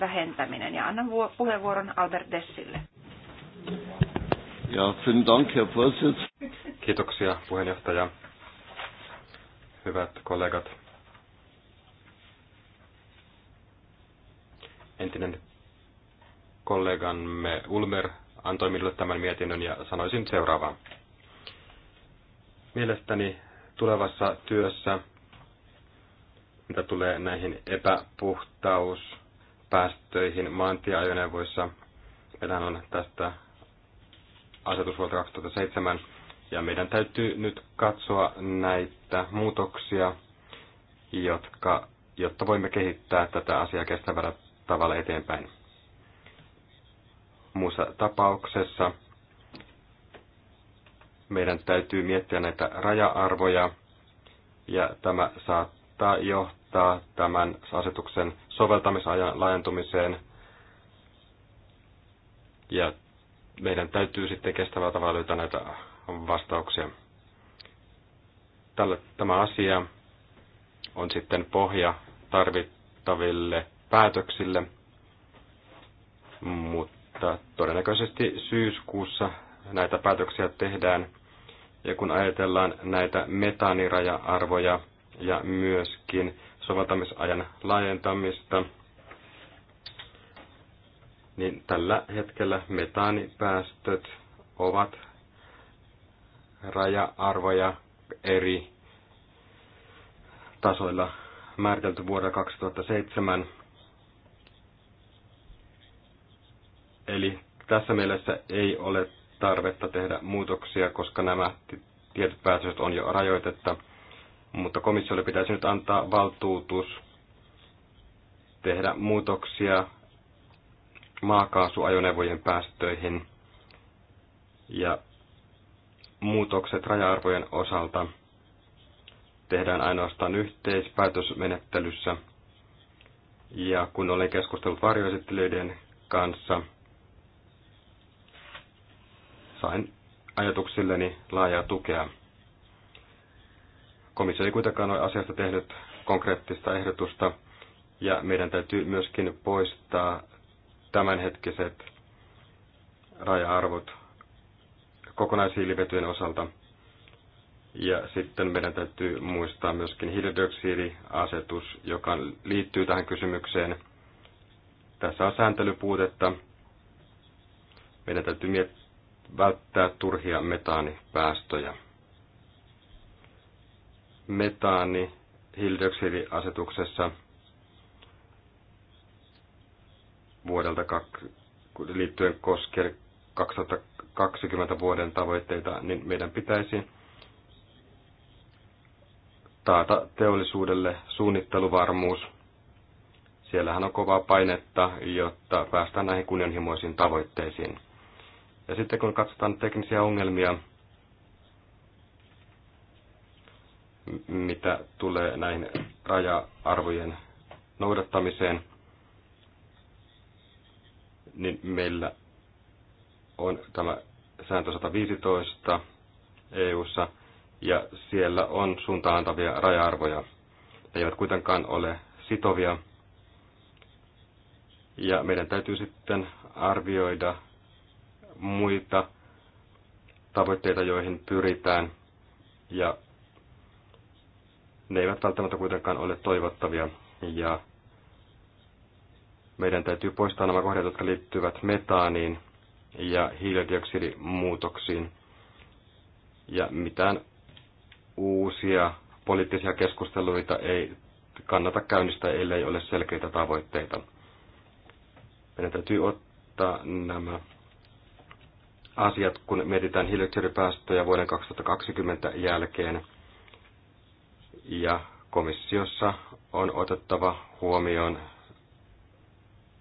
vähentäminen. Ja annan puheenvuoron Albert Dessille. Ja, vielen Dank, Herr Kiitoksia puheenjohtaja hyvät kollegat. Entinen kollegamme Ulmer antoi minulle tämän mietinnön ja sanoisin seuraavaa. Mielestäni tulevassa työssä, mitä tulee näihin epäpuhtauspäästöihin maantieajoneuvoissa, meillähän on tästä asetusvuolta 2007, ja meidän täytyy nyt katsoa näitä muutoksia, jotka, jotta voimme kehittää tätä asiaa kestävällä tavalla eteenpäin. Muussa tapauksessa meidän täytyy miettiä näitä raja-arvoja, ja tämä saattaa johtaa tämän asetuksen soveltamisajan laajentumiseen. Ja meidän täytyy sitten kestävällä tavalla löytää näitä vastauksia. Tällä, tämä asia on sitten pohja tarvittaville päätöksille, mutta todennäköisesti syyskuussa näitä päätöksiä tehdään. Ja kun ajatellaan näitä metaaniraja-arvoja ja myöskin soveltamisajan laajentamista, niin tällä hetkellä metaanipäästöt ovat raja-arvoja eri tasoilla määritelty vuodelle 2007. Eli tässä mielessä ei ole tarvetta tehdä muutoksia, koska nämä tietyt päätökset on jo rajoitetta, mutta komissiolle pitäisi nyt antaa valtuutus tehdä muutoksia maakaasuajoneuvojen päästöihin ja muutokset raja-arvojen osalta tehdään ainoastaan yhteispäätösmenettelyssä. Ja kun olen keskustellut varjoesittelyiden kanssa, sain ajatuksilleni laajaa tukea. Komissio ei kuitenkaan ole asiasta tehnyt konkreettista ehdotusta, ja meidän täytyy myöskin poistaa tämänhetkiset raja-arvot kokonaishiilivetyjen osalta. Ja sitten meidän täytyy muistaa myöskin hiilidioksidiasetus, joka liittyy tähän kysymykseen. Tässä on sääntelypuutetta. Meidän täytyy välttää turhia metaanipäästöjä. Metaani hiilidioksidiasetuksessa vuodelta liittyen koskien 2020 vuoden tavoitteita, niin meidän pitäisi taata teollisuudelle suunnitteluvarmuus. Siellähän on kovaa painetta, jotta päästään näihin kunnianhimoisiin tavoitteisiin. Ja sitten kun katsotaan teknisiä ongelmia, mitä tulee näihin raja-arvojen noudattamiseen, niin meillä on tämä sääntö 115 EU:ssa ja siellä on suuntaantavia raja-arvoja. Ne eivät kuitenkaan ole sitovia. Ja meidän täytyy sitten arvioida muita tavoitteita, joihin pyritään. Ja ne eivät välttämättä kuitenkaan ole toivottavia. Ja meidän täytyy poistaa nämä kohdat, jotka liittyvät metaaniin, ja hiilidioksidimuutoksiin. Ja mitään uusia poliittisia keskusteluita ei kannata käynnistää, ellei ole selkeitä tavoitteita. Meidän täytyy ottaa nämä asiat, kun mietitään hiilidioksidipäästöjä vuoden 2020 jälkeen. Ja komissiossa on otettava huomioon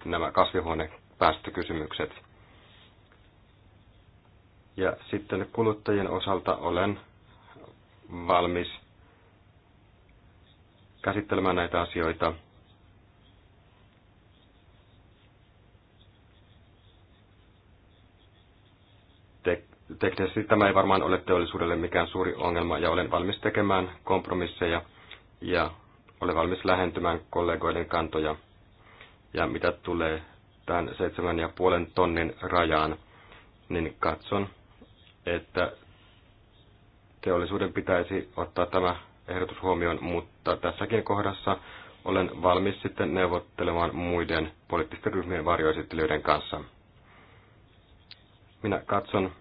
nämä kasvihuonepäästökysymykset. Ja sitten kuluttajien osalta olen valmis käsittelemään näitä asioita. teknisesti tämä ei varmaan ole teollisuudelle mikään suuri ongelma ja olen valmis tekemään kompromisseja ja olen valmis lähentymään kollegoiden kantoja. Ja mitä tulee tämän 7,5 ja puolen tonnin rajaan, niin katson, että teollisuuden pitäisi ottaa tämä ehdotus huomioon, mutta tässäkin kohdassa olen valmis sitten neuvottelemaan muiden poliittisten ryhmien varjoesittelyiden kanssa. Minä katson,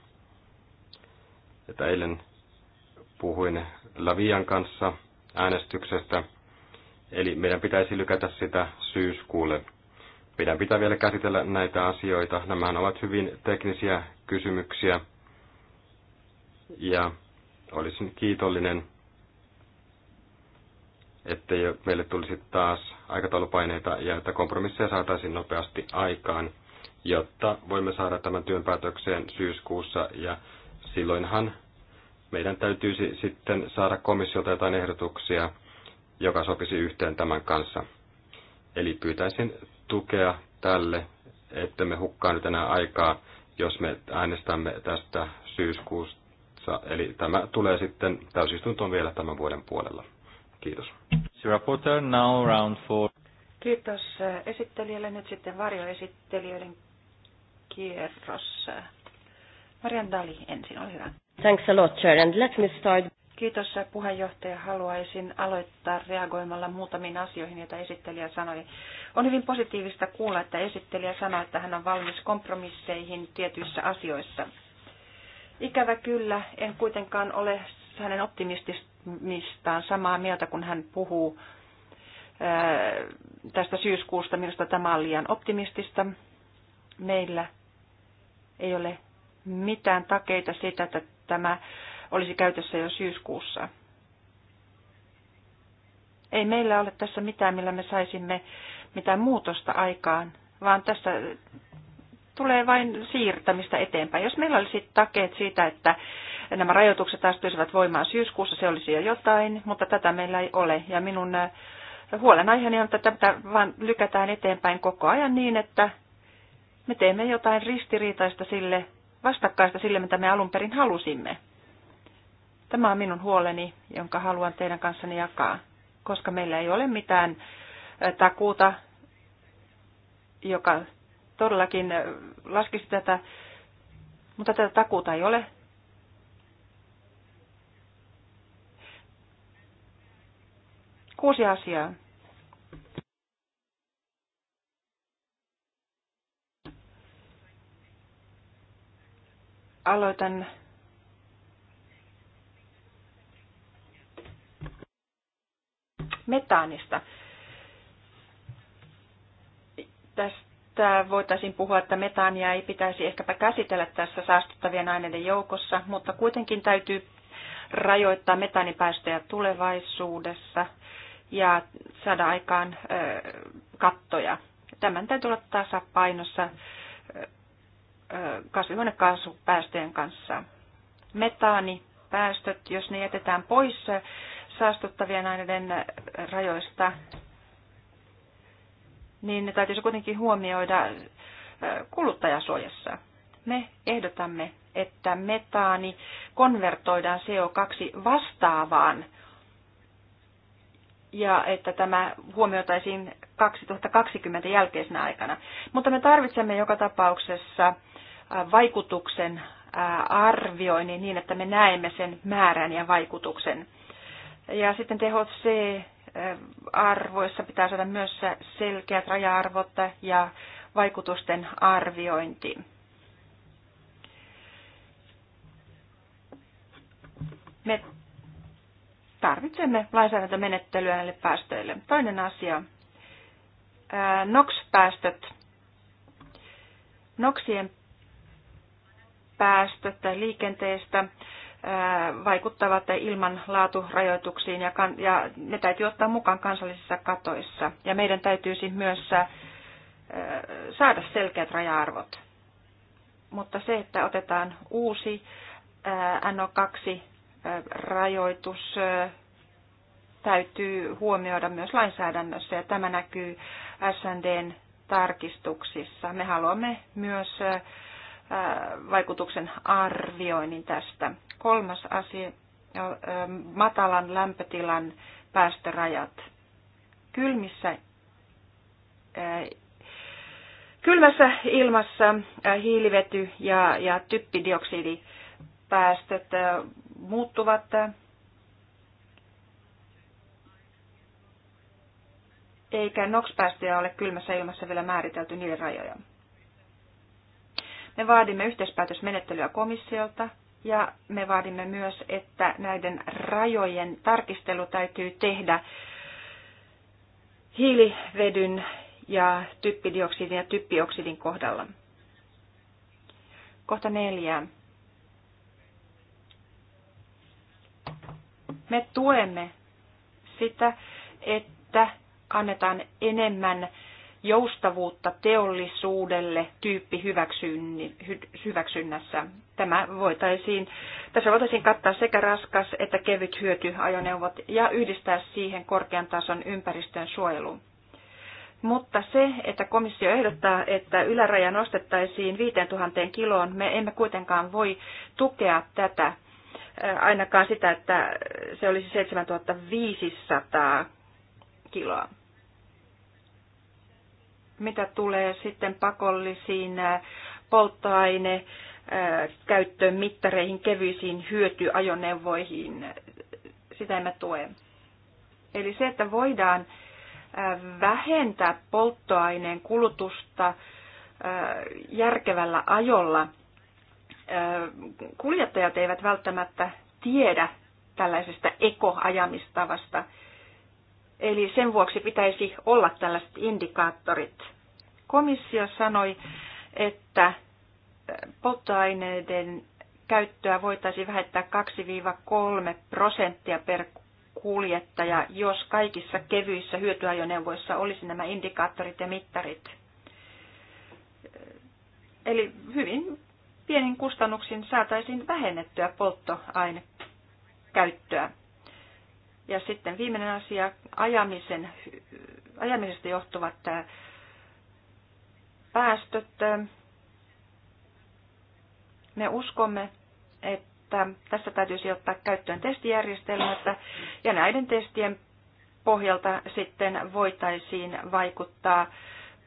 että eilen puhuin Lavian kanssa äänestyksestä, eli meidän pitäisi lykätä sitä syyskuulle. Meidän pitää vielä käsitellä näitä asioita. Nämähän ovat hyvin teknisiä kysymyksiä ja olisin kiitollinen, ettei meille tulisi taas aikataulupaineita ja että kompromisseja saataisiin nopeasti aikaan, jotta voimme saada tämän työn päätökseen syyskuussa ja silloinhan meidän täytyisi sitten saada komissiolta jotain ehdotuksia, joka sopisi yhteen tämän kanssa. Eli pyytäisin tukea tälle, että me hukkaa nyt enää aikaa, jos me äänestämme tästä syyskuusta kanssa. Eli tämä tulee sitten täysistuntoon vielä tämän vuoden puolella. Kiitos. Now round four. Kiitos äh, esittelijälle. Nyt sitten varjoesittelijöiden kierros. Marian Dali ensin, ole hyvä. Thanks a lot, Chair, and let me start. Kiitos äh, puheenjohtaja. Haluaisin aloittaa reagoimalla muutamiin asioihin, joita esittelijä sanoi. On hyvin positiivista kuulla, että esittelijä sanoi, että hän on valmis kompromisseihin tietyissä asioissa. Ikävä kyllä, en kuitenkaan ole hänen optimististaan samaa mieltä, kun hän puhuu tästä syyskuusta. Minusta tämä on liian optimistista. Meillä ei ole mitään takeita siitä, että tämä olisi käytössä jo syyskuussa. Ei meillä ole tässä mitään, millä me saisimme mitään muutosta aikaan, vaan tässä tulee vain siirtämistä eteenpäin. Jos meillä olisi takeet siitä, että nämä rajoitukset astuisivat voimaan syyskuussa, se olisi jo jotain, mutta tätä meillä ei ole. Ja minun äh, huolenaiheeni on, että tätä vaan lykätään eteenpäin koko ajan niin, että me teemme jotain ristiriitaista sille, vastakkaista sille, mitä me alun perin halusimme. Tämä on minun huoleni, jonka haluan teidän kanssani jakaa, koska meillä ei ole mitään äh, takuuta, joka todellakin äh, laskisi tätä, mutta tätä takuuta ei ole. Kuusi asiaa. Aloitan metaanista. Tästä voitaisiin puhua, että metaania ei pitäisi ehkäpä käsitellä tässä saastuttavien aineiden joukossa, mutta kuitenkin täytyy rajoittaa metaanipäästöjä tulevaisuudessa ja saada aikaan kattoja. Tämän täytyy olla tasapainossa kasvihuonekaasupäästöjen kanssa. Metaanipäästöt, jos ne jätetään pois saastuttavien aineiden rajoista, niin ne täytyisi kuitenkin huomioida kuluttajasuojassa. Me ehdotamme, että metaani konvertoidaan CO2 vastaavaan ja että tämä huomioitaisiin 2020 jälkeisenä aikana. Mutta me tarvitsemme joka tapauksessa vaikutuksen arvioinnin niin, että me näemme sen määrän ja vaikutuksen. Ja sitten THC arvoissa pitää saada myös selkeät raja-arvot ja vaikutusten arviointi. Me tarvitsemme lainsäädäntömenettelyä näille päästöille. Toinen asia, NOx-päästöt. NOxien päästöt liikenteestä vaikuttavat ilman laaturajoituksiin ja, ja ne täytyy ottaa mukaan kansallisissa katoissa. Ja meidän täytyy myös saada selkeät raja-arvot. Mutta se, että otetaan uusi NO2-rajoitus, täytyy huomioida myös lainsäädännössä ja tämä näkyy SNDn tarkistuksissa. Me haluamme myös vaikutuksen arvioinnin tästä. Kolmas asia, matalan lämpötilan päästörajat. Kylmissä, kylmässä ilmassa hiilivety ja, ja typpidioksidipäästöt muuttuvat eikä NOx-päästöjä ole kylmässä ilmassa vielä määritelty niiden rajoja. Me vaadimme yhteispäätösmenettelyä komissiolta ja me vaadimme myös, että näiden rajojen tarkistelu täytyy tehdä hiilivedyn ja typpidioksidin ja typpioksidin kohdalla. Kohta neljä. Me tuemme sitä, että annetaan enemmän joustavuutta teollisuudelle tyyppi hyväksynnässä. Tämä voitaisiin, tässä voitaisiin kattaa sekä raskas että kevyt hyötyajoneuvot ja yhdistää siihen korkean tason ympäristön suojelu. Mutta se, että komissio ehdottaa, että yläraja nostettaisiin 5000 kiloon, me emme kuitenkaan voi tukea tätä, ainakaan sitä, että se olisi 7500 kiloa mitä tulee sitten pakollisiin äh, polttoaine äh, käyttöön mittareihin, kevyisiin hyötyajoneuvoihin, sitä emme tue. Eli se, että voidaan äh, vähentää polttoaineen kulutusta järkevällä ajolla, kuljettajat eivät välttämättä tiedä tällaisesta ekoajamistavasta Eli sen vuoksi pitäisi olla tällaiset indikaattorit. Komissio sanoi, että polttoaineiden käyttöä voitaisiin vähentää 2-3 prosenttia per kuljettaja, jos kaikissa kevyissä hyötyajoneuvoissa olisi nämä indikaattorit ja mittarit. Eli hyvin pienin kustannuksin saataisiin vähennettyä polttoainekäyttöä. Ja sitten viimeinen asia, ajamisen, ajamisesta johtuvat äh, päästöt. Me uskomme, että tässä täytyisi ottaa käyttöön testijärjestelmät ja näiden testien pohjalta sitten voitaisiin vaikuttaa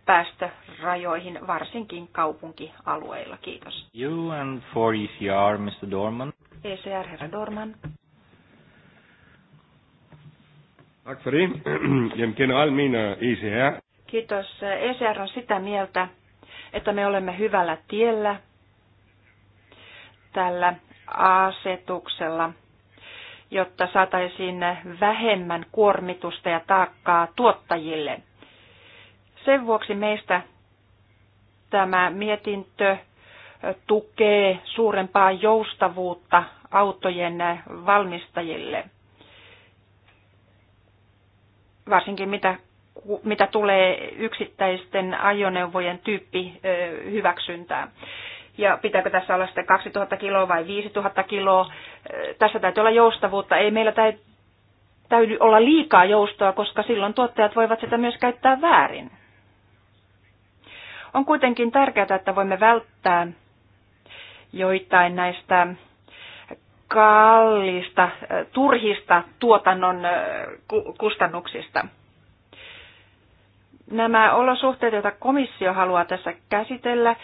päästörajoihin, varsinkin kaupunkialueilla. Kiitos. You and for ECR, Mr. Dorman. ECR, herra Dorman. Tack för det. all ICR. Kiitos. ECR on sitä mieltä, että me olemme hyvällä tiellä tällä asetuksella, jotta saataisiin vähemmän kuormitusta ja taakkaa tuottajille. Sen vuoksi meistä tämä mietintö tukee suurempaa joustavuutta autojen valmistajille – varsinkin mitä, mitä tulee yksittäisten ajoneuvojen tyyppi hyväksyntää. Ja pitääkö tässä olla sitten 2000 kiloa vai 5000 kiloa? Tässä täytyy olla joustavuutta. Ei meillä täytyy olla liikaa joustoa, koska silloin tuottajat voivat sitä myös käyttää väärin. On kuitenkin tärkeää, että voimme välttää joitain näistä kallista, turhista tuotannon kustannuksista. Nämä olosuhteet, joita komissio haluaa tässä käsitellä,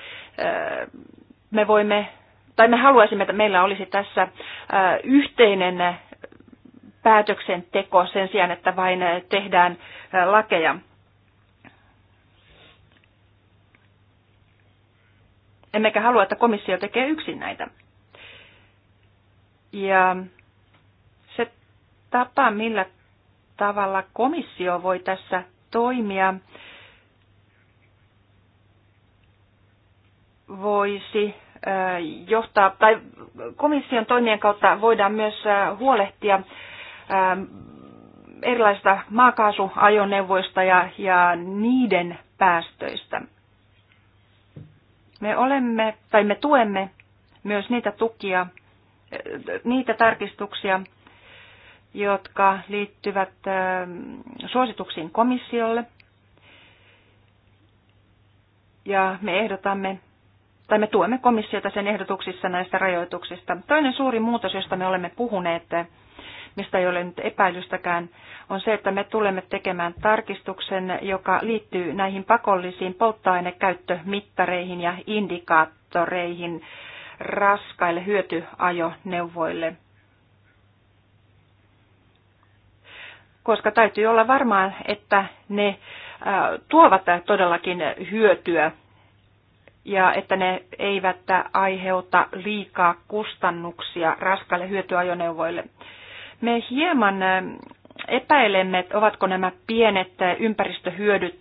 me voimme, tai me haluaisimme, että meillä olisi tässä yhteinen päätöksenteko sen sijaan, että vain tehdään lakeja. Emmekä halua, että komissio tekee yksin näitä. Ja se tapa, millä tavalla komissio voi tässä toimia, voisi johtaa, tai komission toimien kautta voidaan myös huolehtia erilaisista maakaasuajoneuvoista ja, ja niiden päästöistä. Me olemme, tai me tuemme myös niitä tukia, niitä tarkistuksia, jotka liittyvät suosituksiin komissiolle. Ja me ehdotamme, tai me tuemme komissiota sen ehdotuksissa näistä rajoituksista. Toinen suuri muutos, josta me olemme puhuneet, mistä ei ole nyt epäilystäkään, on se, että me tulemme tekemään tarkistuksen, joka liittyy näihin pakollisiin polttoainekäyttömittareihin ja indikaattoreihin raskaille hyötyajoneuvoille. Koska täytyy olla varmaan, että ne äh, tuovat todellakin hyötyä ja että ne eivät aiheuta liikaa kustannuksia raskaille hyötyajoneuvoille. Me hieman äh, epäilemme, että ovatko nämä pienet äh, ympäristöhyödyt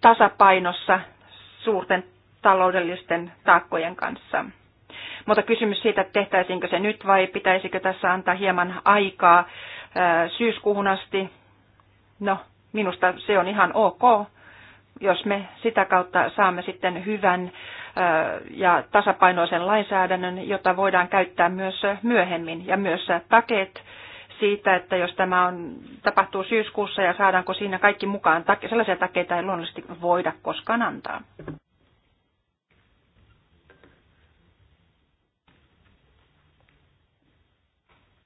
tasapainossa suurten taloudellisten taakkojen kanssa. Mutta kysymys siitä, tehtäisiinkö se nyt vai pitäisikö tässä antaa hieman aikaa syyskuuhun asti, no minusta se on ihan ok, jos me sitä kautta saamme sitten hyvän ja tasapainoisen lainsäädännön, jota voidaan käyttää myös myöhemmin ja myös takeet siitä, että jos tämä on, tapahtuu syyskuussa ja saadaanko siinä kaikki mukaan, sellaisia takeita ei luonnollisesti voida koskaan antaa.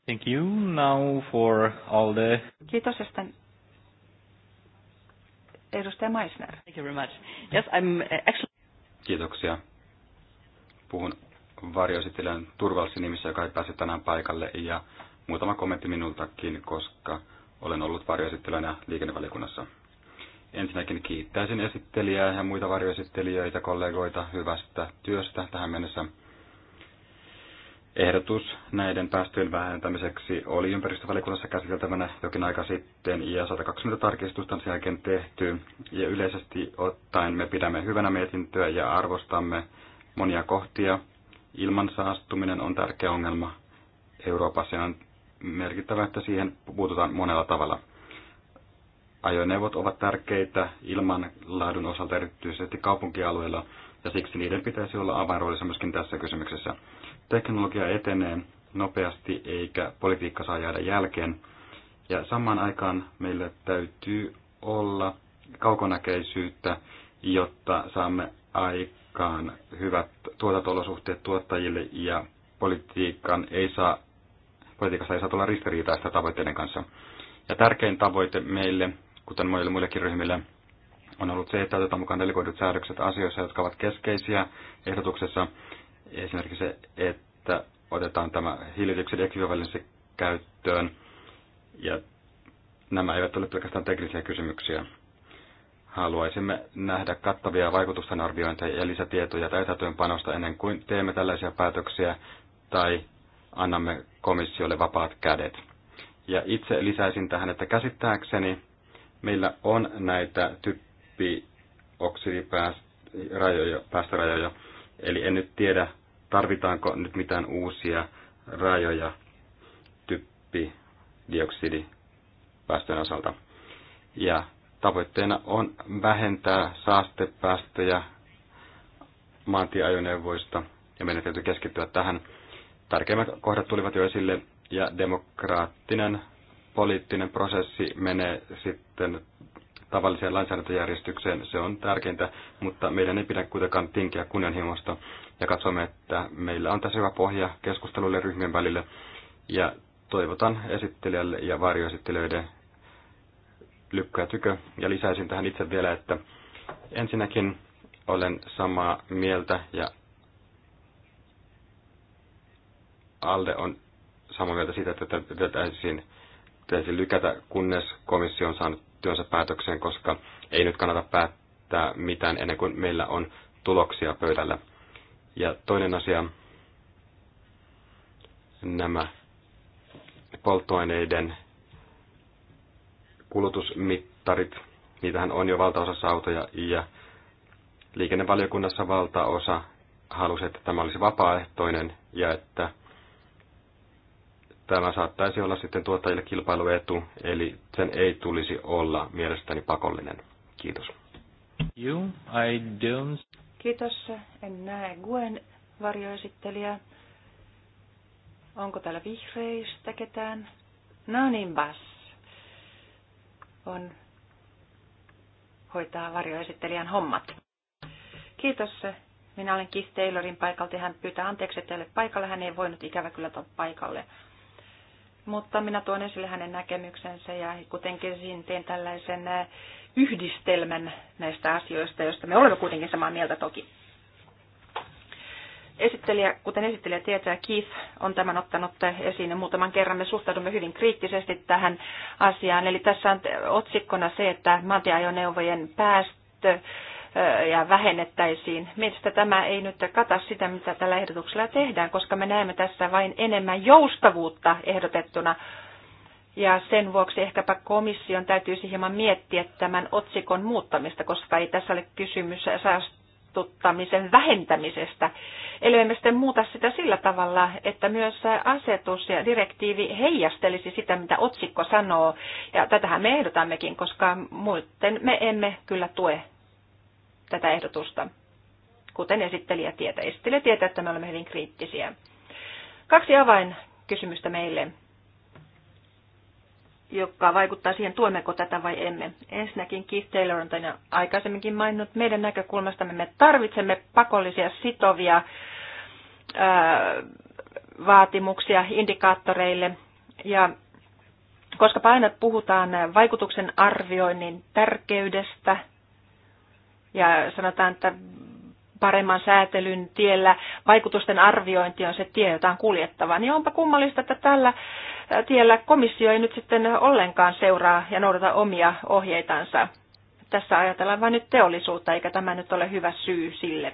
Thank you now for all the... Kiitos, että edustaja Meissner. Thank you very much. Yes, I'm uh, actually... Kiitoksia. Puhun varjoesittelijän turvallisin nimissä, joka ei pääse tänään paikalle, ja muutama kommentti minultakin, koska olen ollut varjoesittelijänä liikennevaliokunnassa. Ensinnäkin kiittäisin esittelijää ja muita varjoesittelijöitä, kollegoita hyvästä työstä tähän mennessä ehdotus näiden päästöjen vähentämiseksi oli ympäristövaliokunnassa käsiteltävänä jokin aika sitten ja 120 tarkistusta on sen jälkeen tehty. Ja yleisesti ottaen me pidämme hyvänä mietintöä ja arvostamme monia kohtia. Ilman saastuminen on tärkeä ongelma Euroopassa ja on merkittävä, että siihen puututaan monella tavalla. Ajoneuvot ovat tärkeitä laadun osalta erityisesti kaupunkialueilla ja siksi niiden pitäisi olla avainroolissa myöskin tässä kysymyksessä. Teknologia etenee nopeasti eikä politiikka saa jäädä jälkeen. Ja samaan aikaan meillä täytyy olla kaukonäköisyyttä, jotta saamme aikaan hyvät tuotantolosuhteet tuottajille ja politiikan ei saa, politiikassa ei saa tulla ristiriitaista tavoitteiden kanssa. Ja tärkein tavoite meille, kuten muille muillekin ryhmille, on ollut se, että otetaan mukaan delegoidut säädökset asioissa, jotka ovat keskeisiä ehdotuksessa, Esimerkiksi se, että otetaan tämä hiilidioksidiekvivalenssi käyttöön ja nämä eivät ole pelkästään teknisiä kysymyksiä. Haluaisimme nähdä kattavia vaikutusten arviointeja ja lisätietoja täytäntöönpanosta ennen kuin teemme tällaisia päätöksiä tai annamme komissiolle vapaat kädet. Ja itse lisäisin tähän, että käsittääkseni meillä on näitä typpioksidipäästörajoja, Eli en nyt tiedä, tarvitaanko nyt mitään uusia rajoja typpi dioksidipäästöjen osalta. Ja tavoitteena on vähentää saastepäästöjä maantieajoneuvoista ja meidän täytyy keskittyä tähän. Tärkeimmät kohdat tulivat jo esille ja demokraattinen poliittinen prosessi menee sitten tavalliseen lainsäädäntöjärjestykseen. Se on tärkeintä, mutta meidän ei pidä kuitenkaan tinkiä kunnianhimosta. Ja katsomme, että meillä on tässä hyvä pohja keskusteluille ryhmien välille. Ja toivotan esittelijälle ja varjoesittelijöiden lykkäytykö. Ja lisäisin tähän itse vielä, että ensinnäkin olen samaa mieltä ja Alde on samaa mieltä siitä, että täysin, täysin lykätä, kunnes komissio on saanut työnsä päätökseen, koska ei nyt kannata päättää mitään ennen kuin meillä on tuloksia pöydällä. Ja toinen asia, nämä polttoaineiden kulutusmittarit, niitähän on jo valtaosassa autoja ja liikennevaliokunnassa valtaosa halusi, että tämä olisi vapaaehtoinen ja että tämä saattaisi olla sitten tuottajille kilpailuetu, eli sen ei tulisi olla mielestäni pakollinen. Kiitos. You, I don't... Kiitos. En näe Guen varjoesittelijää. Onko täällä vihreistä ketään? No niin, Bas. On hoitaa varjoesittelijän hommat. Kiitos. Minä olen Keith Taylorin paikalta ja hän pyytää anteeksi, että ei ole paikalla. Hän ei voinut ikävä kyllä tuon paikalle mutta minä tuon esille hänen näkemyksensä ja kuitenkin teen tällaisen äh, yhdistelmän näistä asioista, joista me olemme kuitenkin samaa mieltä toki. Esittelijä, kuten esittelijä tietää, Keith on tämän ottanut esiin ja muutaman kerran me suhtaudumme hyvin kriittisesti tähän asiaan. Eli tässä on otsikkona se, että maantieajoneuvojen päästö ja vähennettäisiin. Mielestäni tämä ei nyt kata sitä, mitä tällä ehdotuksella tehdään, koska me näemme tässä vain enemmän joustavuutta ehdotettuna. Ja sen vuoksi ehkäpä komission täytyisi hieman miettiä tämän otsikon muuttamista, koska ei tässä ole kysymys saastuttamisen vähentämisestä. Eli emme sitten muuta sitä sillä tavalla, että myös asetus ja direktiivi heijastelisi sitä, mitä otsikko sanoo. Ja tätähän me ehdotammekin, koska muuten me emme kyllä tue tätä ehdotusta, kuten esittelijä tietää. Esittelijä tietää, että me olemme hyvin kriittisiä. Kaksi avainkysymystä meille, joka vaikuttaa siihen, tuemmeko tätä vai emme. Ensinnäkin Keith Taylor on tänne aikaisemminkin maininnut, meidän näkökulmastamme me tarvitsemme pakollisia sitovia ää, vaatimuksia indikaattoreille ja koska aina puhutaan vaikutuksen arvioinnin tärkeydestä ja sanotaan, että paremman säätelyn tiellä vaikutusten arviointi on se tie, jota on kuljettava, niin onpa kummallista, että tällä äh, tiellä komissio ei nyt sitten ollenkaan seuraa ja noudata omia ohjeitansa. Tässä ajatellaan vain nyt teollisuutta, eikä tämä nyt ole hyvä syy sille.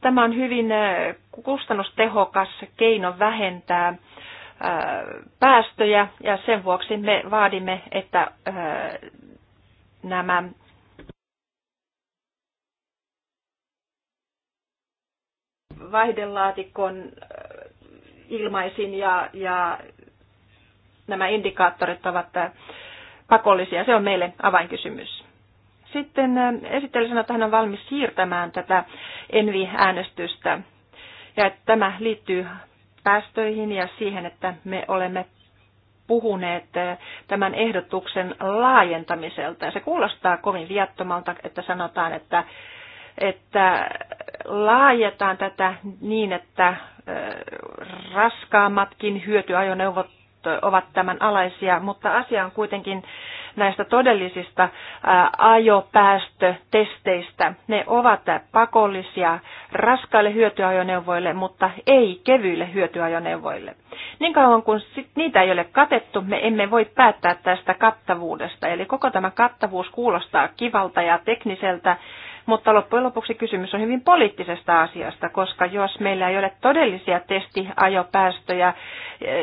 Tämä on hyvin äh, kustannustehokas keino vähentää äh, päästöjä ja sen vuoksi me vaadimme, että nämä vaihdelaatikon äh, ilmaisin ja, ja nämä indikaattorit ovat äh, pakollisia. Se on meille avainkysymys. Sitten äh, esittely sanoi, että hän on valmis siirtämään tätä Envi-äänestystä ja että tämä liittyy päästöihin ja siihen, että me olemme puhuneet tämän ehdotuksen laajentamiselta. Ja se kuulostaa kovin viattomalta, että sanotaan, että että laajetaan tätä niin, että raskaammatkin hyötyajoneuvot ovat tämän alaisia, mutta asia on kuitenkin näistä todellisista ajopäästötesteistä. Ne ovat pakollisia raskaille hyötyajoneuvoille, mutta ei kevyille hyötyajoneuvoille. Niin kauan kuin sit niitä ei ole katettu, me emme voi päättää tästä kattavuudesta. Eli koko tämä kattavuus kuulostaa kivalta ja tekniseltä mutta loppujen lopuksi kysymys on hyvin poliittisesta asiasta, koska jos meillä ei ole todellisia testiajopäästöjä e,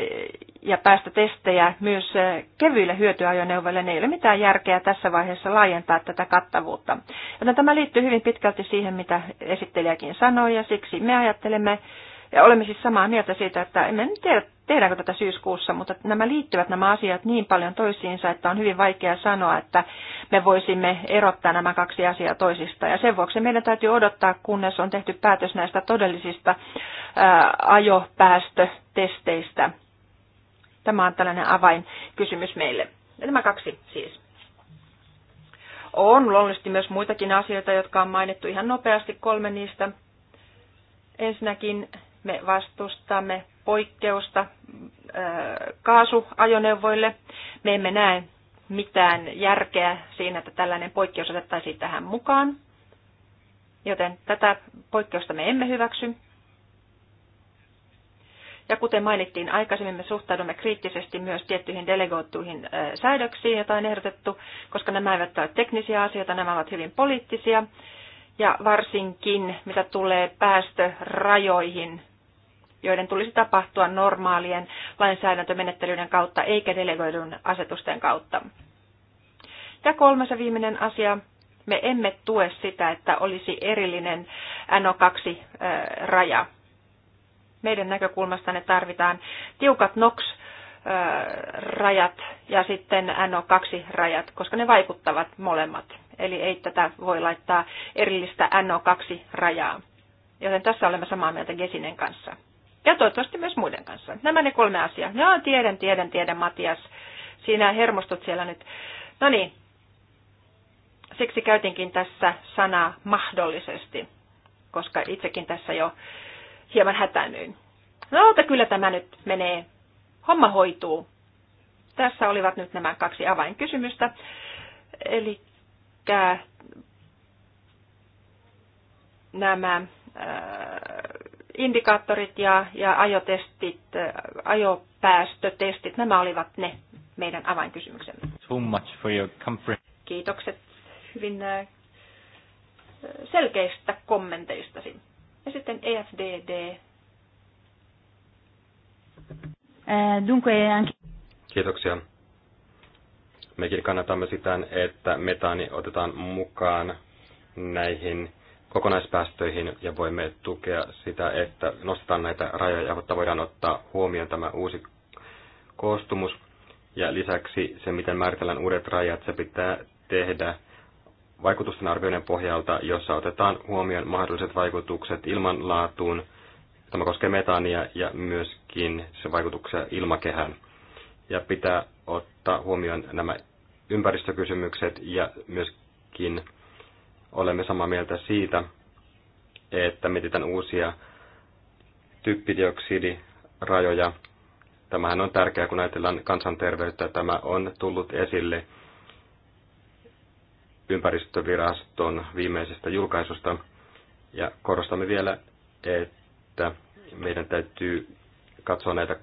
ja päästötestejä myös e, kevyille hyötyajoneuvoille, niin ei ole mitään järkeä tässä vaiheessa laajentaa tätä kattavuutta. Joten tämä liittyy hyvin pitkälti siihen, mitä esittelijäkin sanoi, ja siksi me ajattelemme, ja olemme siis samaa mieltä siitä, että emme tiedä, tehdäänkö tätä syyskuussa, mutta nämä liittyvät nämä asiat niin paljon toisiinsa, että on hyvin vaikea sanoa, että me voisimme erottaa nämä kaksi asiaa toisista. Ja sen vuoksi meidän täytyy odottaa, kunnes on tehty päätös näistä todellisista ää, ajopäästötesteistä. Tämä on tällainen avainkysymys meille. Ja nämä kaksi siis. On luonnollisesti myös muitakin asioita, jotka on mainittu ihan nopeasti, kolme niistä. Ensinnäkin me vastustamme poikkeusta kaasuajoneuvoille. Me emme näe mitään järkeä siinä, että tällainen poikkeus otettaisiin tähän mukaan. Joten tätä poikkeusta me emme hyväksy. Ja kuten mainittiin aikaisemmin, me suhtaudumme kriittisesti myös tiettyihin delegoituihin säädöksiin, joita on ehdotettu, koska nämä eivät ole teknisiä asioita, nämä ovat hyvin poliittisia. Ja varsinkin, mitä tulee päästörajoihin, joiden tulisi tapahtua normaalien lainsäädäntömenettelyiden kautta eikä delegoidun asetusten kautta. Ja kolmas ja viimeinen asia, me emme tue sitä, että olisi erillinen NO2-raja. Meidän näkökulmasta ne tarvitaan tiukat NOx-rajat ja sitten NO2-rajat, koska ne vaikuttavat molemmat. Eli ei tätä voi laittaa erillistä NO2-rajaa. Joten tässä olemme samaa mieltä Gesinen kanssa. Ja toivottavasti myös muiden kanssa. Nämä ne kolme asiaa. joo, tiedän, tiedän, tiedän, Matias. Siinä hermostut siellä nyt. No niin, siksi käytinkin tässä sanaa mahdollisesti, koska itsekin tässä jo hieman hätänyin. No, mutta kyllä tämä nyt menee. Homma hoituu. Tässä olivat nyt nämä kaksi avainkysymystä. Eli nämä äh, indikaattorit ja, ja ajotestit, ajopäästötestit, nämä olivat ne meidän avainkysymyksemme. So much for your comfort. Kiitokset hyvin selkeistä kommenteistasi. Ja sitten EFDD. Kiitoksia. Mekin kannatamme sitä, että metaani otetaan mukaan näihin kokonaispäästöihin ja voimme tukea sitä, että nostetaan näitä rajoja, jotta voidaan ottaa huomioon tämä uusi koostumus. Ja lisäksi se, miten määritellään uudet rajat, se pitää tehdä vaikutusten arvioinnin pohjalta, jossa otetaan huomioon mahdolliset vaikutukset ilmanlaatuun. Tämä koskee metaania ja myöskin se vaikutuksia ilmakehään. Ja pitää ottaa huomioon nämä ympäristökysymykset ja myöskin olemme samaa mieltä siitä, että mietitään uusia typpidioksidirajoja. Tämähän on tärkeää, kun ajatellaan kansanterveyttä. Tämä on tullut esille ympäristöviraston viimeisestä julkaisusta. Ja korostamme vielä, että meidän täytyy katsoa näitä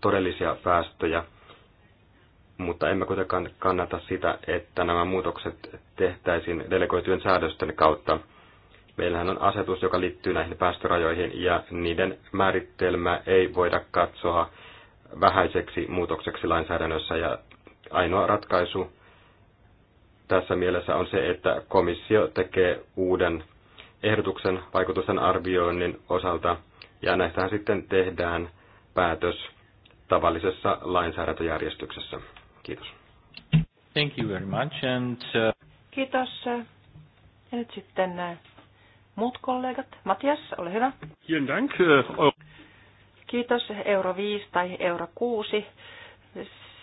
todellisia päästöjä mutta emme kuitenkaan kannata sitä, että nämä muutokset tehtäisiin delegoitujen säädösten kautta. Meillähän on asetus, joka liittyy näihin päästörajoihin, ja niiden määrittelmä ei voida katsoa vähäiseksi muutokseksi lainsäädännössä, ja ainoa ratkaisu tässä mielessä on se, että komissio tekee uuden ehdotuksen vaikutusten arvioinnin osalta, ja näistähän sitten tehdään päätös tavallisessa lainsäädäntöjärjestyksessä. Kiitos. Thank you very much and, uh... Kiitos. Ja nyt sitten äh, muut kollegat. Matias, ole hyvä. dank. Äh, Kiitos. Euro 5 tai euro 6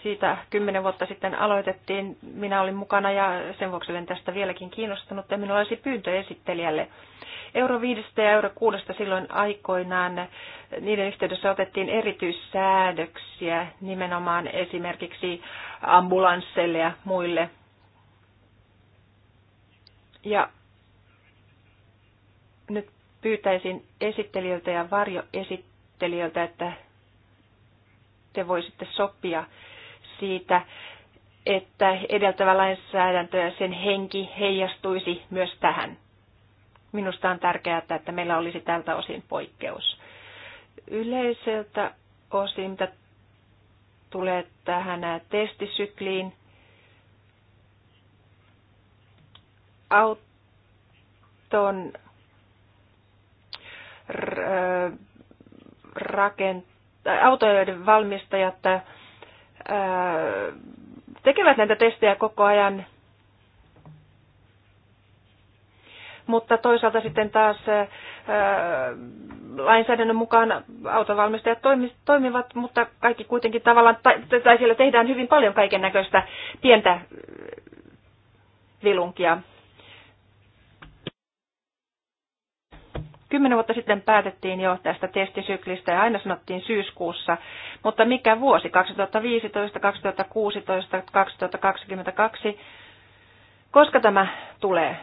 siitä kymmenen vuotta sitten aloitettiin. Minä olin mukana ja sen vuoksi olen tästä vieläkin kiinnostunut ja minulla olisi pyyntö esittelijälle. Euro 5 ja euro 6 silloin aikoinaan niiden yhteydessä otettiin erityissäädöksiä nimenomaan esimerkiksi ambulansseille ja muille. Ja nyt pyytäisin esittelijöiltä ja varjoesittelijöiltä, että te voisitte sopia siitä, että edeltävä lainsäädäntö ja sen henki heijastuisi myös tähän. Minusta on tärkeää, että meillä olisi tältä osin poikkeus. Yleiseltä osin, mitä tulee tähän testisykliin, auton äh, rakent- äh, autojen valmistajat tekevät näitä testejä koko ajan, mutta toisaalta sitten taas lainsäädännön mukaan autovalmistajat toimivat, mutta kaikki kuitenkin tavallaan, tai, siellä tehdään hyvin paljon kaiken näköistä pientä vilunkia. Kymmenen vuotta sitten päätettiin jo tästä testisyklistä ja aina sanottiin syyskuussa, mutta mikä vuosi, 2015, 2016, 2022, koska tämä tulee?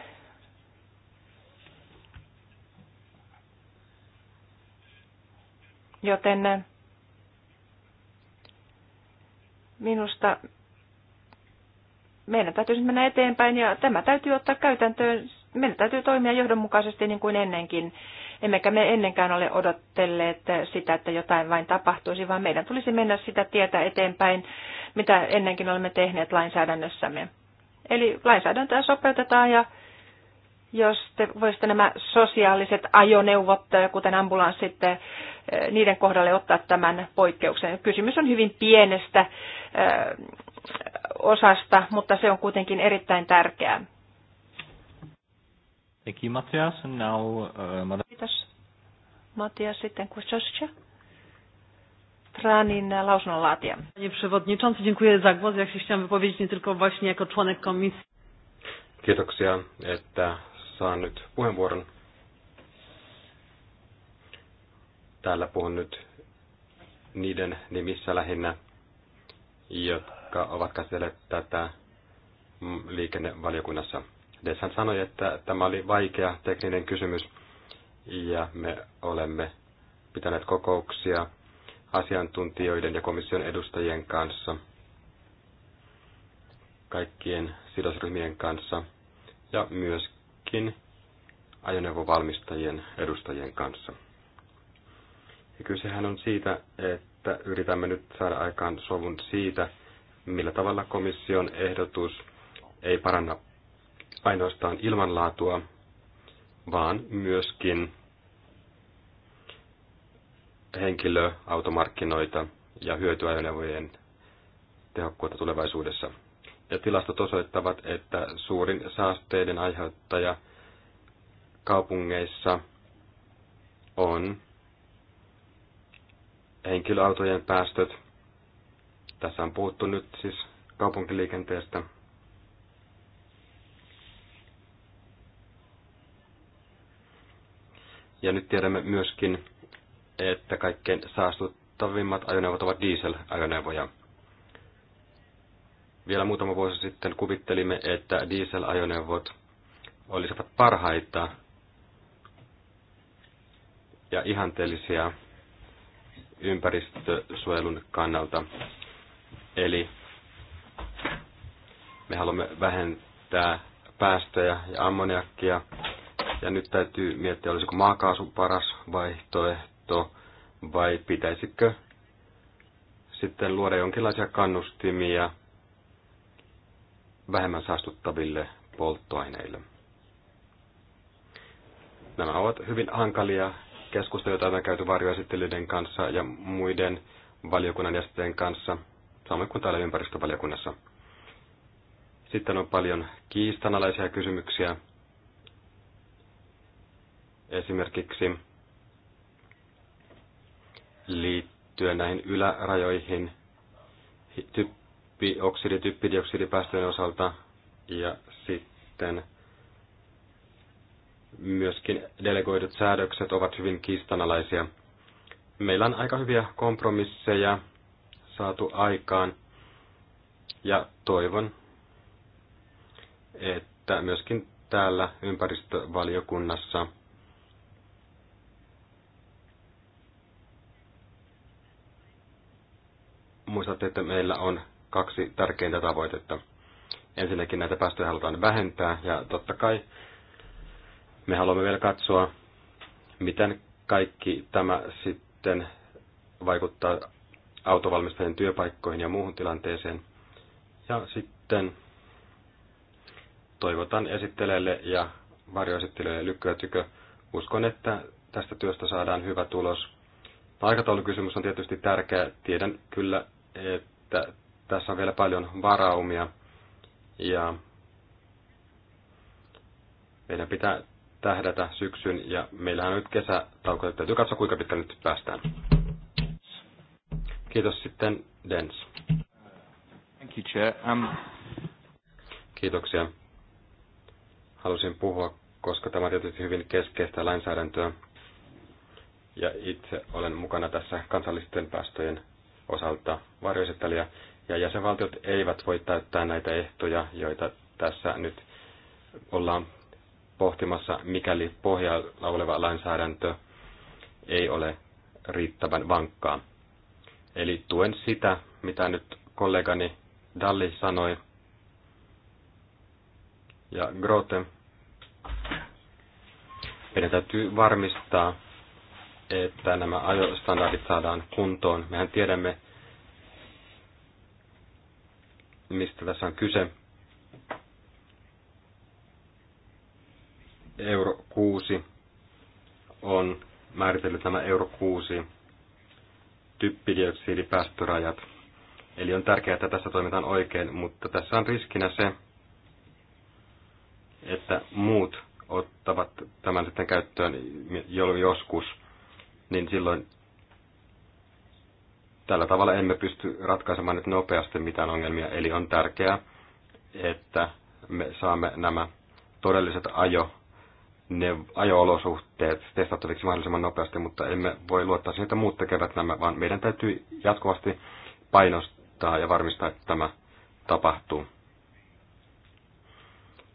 Joten eh, minusta meidän täytyisi siis mennä eteenpäin ja tämä täytyy ottaa käytäntöön meidän täytyy toimia johdonmukaisesti niin kuin ennenkin. Emmekä me ennenkään ole odotelleet sitä, että jotain vain tapahtuisi, vaan meidän tulisi mennä sitä tietä eteenpäin, mitä ennenkin olemme tehneet lainsäädännössämme. Eli lainsäädäntöä sopeutetaan ja jos te voisitte nämä sosiaaliset ajoneuvot, kuten ambulanssit, eh, niiden kohdalle ottaa tämän poikkeuksen. Kysymys on hyvin pienestä eh, osasta, mutta se on kuitenkin erittäin tärkeää. Thank you, Matthias. And now, uh, Kiitos, Matthias. Sitten Kustoscia. Tranin äh, lausunnonlaatija. Panie Przewodniczący, dziękuję za głos. Ja się chciałam wypowiedzieć nie tylko właśnie jako członek komisji. Kiitoksia, että saan nyt puheenvuoron. Täällä puhun nyt niiden nimissä lähinnä, jotka ovat käsitelleet tätä liikennevaliokunnassa. Des hän sanoi, että tämä oli vaikea tekninen kysymys ja me olemme pitäneet kokouksia asiantuntijoiden ja komission edustajien kanssa, kaikkien sidosryhmien kanssa ja myöskin ajoneuvovalmistajien edustajien kanssa. Ja kysehän on siitä, että yritämme nyt saada aikaan sovun siitä, millä tavalla komission ehdotus ei paranna ainoastaan ilmanlaatua, vaan myöskin henkilöautomarkkinoita ja hyötyajoneuvojen tehokkuutta tulevaisuudessa. Ja tilastot osoittavat, että suurin saasteiden aiheuttaja kaupungeissa on henkilöautojen päästöt. Tässä on puhuttu nyt siis kaupunkiliikenteestä – Ja nyt tiedämme myöskin, että kaikkein saastuttavimmat ajoneuvot ovat dieselajoneuvoja. Vielä muutama vuosi sitten kuvittelimme, että dieselajoneuvot olisivat parhaita ja ihanteellisia ympäristösuojelun kannalta. Eli me haluamme vähentää päästöjä ja ammoniakkia ja nyt täytyy miettiä, olisiko maakaasu paras vaihtoehto vai pitäisikö sitten luoda jonkinlaisia kannustimia vähemmän saastuttaville polttoaineille. Nämä ovat hyvin hankalia keskusteluja, joita on käyty varjoesittelyiden kanssa ja muiden valiokunnan jäsenten kanssa, samoin kuin täällä ympäristövaliokunnassa. Sitten on paljon kiistanalaisia kysymyksiä, esimerkiksi liittyen näihin ylärajoihin typpioksidi, typpidioksidipäästöjen osalta ja sitten myöskin delegoidut säädökset ovat hyvin kiistanalaisia. Meillä on aika hyviä kompromisseja saatu aikaan ja toivon, että myöskin täällä ympäristövaliokunnassa – muistatte, että meillä on kaksi tärkeintä tavoitetta. Ensinnäkin näitä päästöjä halutaan vähentää ja totta kai me haluamme vielä katsoa, miten kaikki tämä sitten vaikuttaa autovalmistajien työpaikkoihin ja muuhun tilanteeseen. Ja sitten toivotan esittelijälle ja varjoesittelijälle lykkyä tykö. Uskon, että tästä työstä saadaan hyvä tulos. Aikataulukysymys on tietysti tärkeä. Tiedän kyllä, että tässä on vielä paljon varaumia ja meidän pitää tähdätä syksyn ja meillähän on nyt kesätauko, että täytyy katsoa kuinka pitkä nyt päästään. Kiitos sitten Dens. Thank you, Chair. Um... Kiitoksia. Halusin puhua, koska tämä on tietysti hyvin keskeistä lainsäädäntöä. Ja itse olen mukana tässä kansallisten päästöjen osalta varjoesittelijä, ja jäsenvaltiot eivät voi täyttää näitä ehtoja, joita tässä nyt ollaan pohtimassa, mikäli pohjalla oleva lainsäädäntö ei ole riittävän vankkaa. Eli tuen sitä, mitä nyt kollegani Dalli sanoi. Ja Grote, meidän täytyy varmistaa, että nämä ajostandardit saadaan kuntoon. Mehän tiedämme, mistä tässä on kyse. Euro 6 on määritellyt nämä Euro 6 typpidioksidipäästörajat. Eli on tärkeää, että tässä toimitaan oikein, mutta tässä on riskinä se, että muut ottavat tämän sitten käyttöön joskus – niin silloin tällä tavalla emme pysty ratkaisemaan nyt nopeasti mitään ongelmia. Eli on tärkeää, että me saamme nämä todelliset ajo, ne ajo-olosuhteet testattaviksi mahdollisimman nopeasti, mutta emme voi luottaa siihen, että muut tekevät nämä, vaan meidän täytyy jatkuvasti painostaa ja varmistaa, että tämä tapahtuu.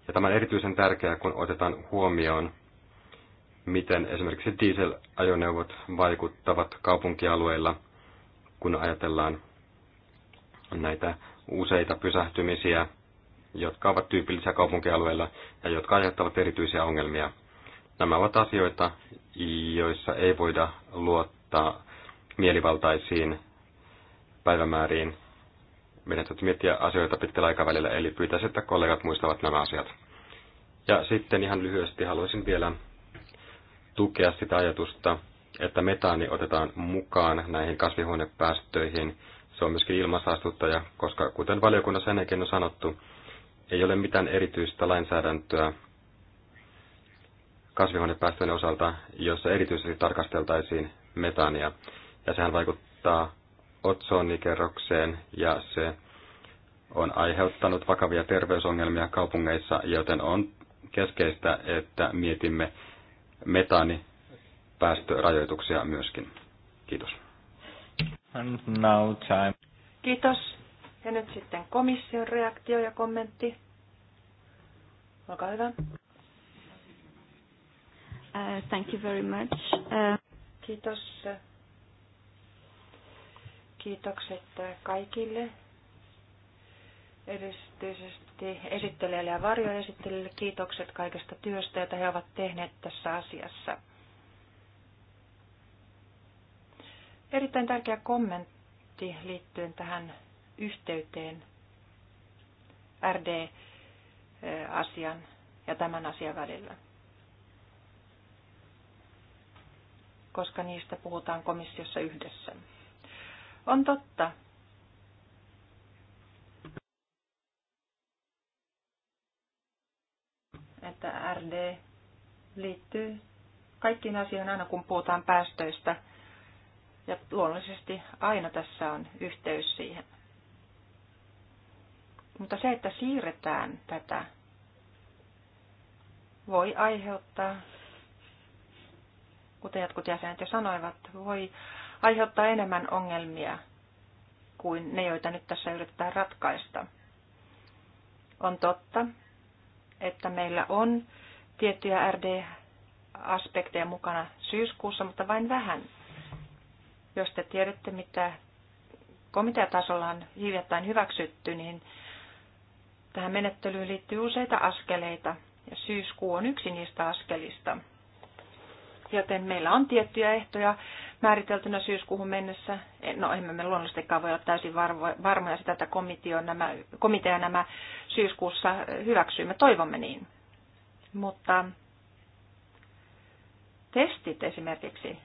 Ja tämä on erityisen tärkeää, kun otetaan huomioon miten esimerkiksi dieselajoneuvot vaikuttavat kaupunkialueilla, kun ajatellaan näitä useita pysähtymisiä, jotka ovat tyypillisiä kaupunkialueilla ja jotka aiheuttavat erityisiä ongelmia. Nämä ovat asioita, joissa ei voida luottaa mielivaltaisiin päivämääriin. Meidän täytyy miettiä asioita pitkällä aikavälillä, eli pyytäisin, että kollegat muistavat nämä asiat. Ja sitten ihan lyhyesti haluaisin vielä tukea sitä ajatusta, että metaani otetaan mukaan näihin kasvihuonepäästöihin. Se on myöskin ilmansaastuttaja, koska kuten valiokunnassa ennenkin on sanottu, ei ole mitään erityistä lainsäädäntöä kasvihuonepäästöjen osalta, jossa erityisesti tarkasteltaisiin metaania. Ja sehän vaikuttaa otsonikerrokseen ja se on aiheuttanut vakavia terveysongelmia kaupungeissa, joten on keskeistä, että mietimme, metaanipäästörajoituksia myöskin. Kiitos. And now time. Kiitos. Ja nyt sitten komission reaktio ja kommentti. Olkaa hyvä. Uh, thank you very much. Uh... Kiitos. Kiitokset kaikille. Erityisesti erityisesti esittelijälle ja varjoesittelijälle kiitokset kaikesta työstä, jota he ovat tehneet tässä asiassa. Erittäin tärkeä kommentti liittyen tähän yhteyteen RD-asian ja tämän asian välillä. Koska niistä puhutaan komissiossa yhdessä. On totta, että RD liittyy kaikkiin asioihin aina, kun puhutaan päästöistä. Ja luonnollisesti aina tässä on yhteys siihen. Mutta se, että siirretään tätä, voi aiheuttaa, kuten jotkut jäsenet jo sanoivat, voi aiheuttaa enemmän ongelmia kuin ne, joita nyt tässä yritetään ratkaista. On totta, että meillä on tiettyjä RD-aspekteja mukana syyskuussa, mutta vain vähän. Jos te tiedätte, mitä komiteatasolla on hiljattain hyväksytty, niin tähän menettelyyn liittyy useita askeleita, ja syyskuu on yksi niistä askelista. Joten meillä on tiettyjä ehtoja määriteltynä syyskuuhun mennessä. Eh, no emme me luonnollisestikaan voi olla täysin varmoja sitä, että komitea nämä, komitea nämä syyskuussa hyväksyy. Me toivomme niin. Mutta testit esimerkiksi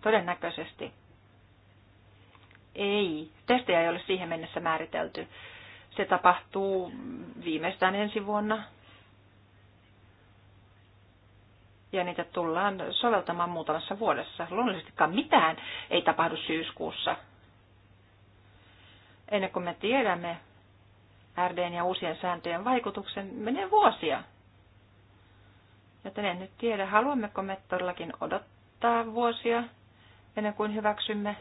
todennäköisesti ei. Testejä ei ole siihen mennessä määritelty. Se tapahtuu viimeistään ensi vuonna ja niitä tullaan soveltamaan muutamassa vuodessa. Luonnollisestikaan mitään ei tapahdu syyskuussa. Ennen kuin me tiedämme RDn ja uusien sääntöjen vaikutuksen, menee vuosia. Joten en nyt tiedä, haluammeko me todellakin odottaa vuosia ennen kuin hyväksymme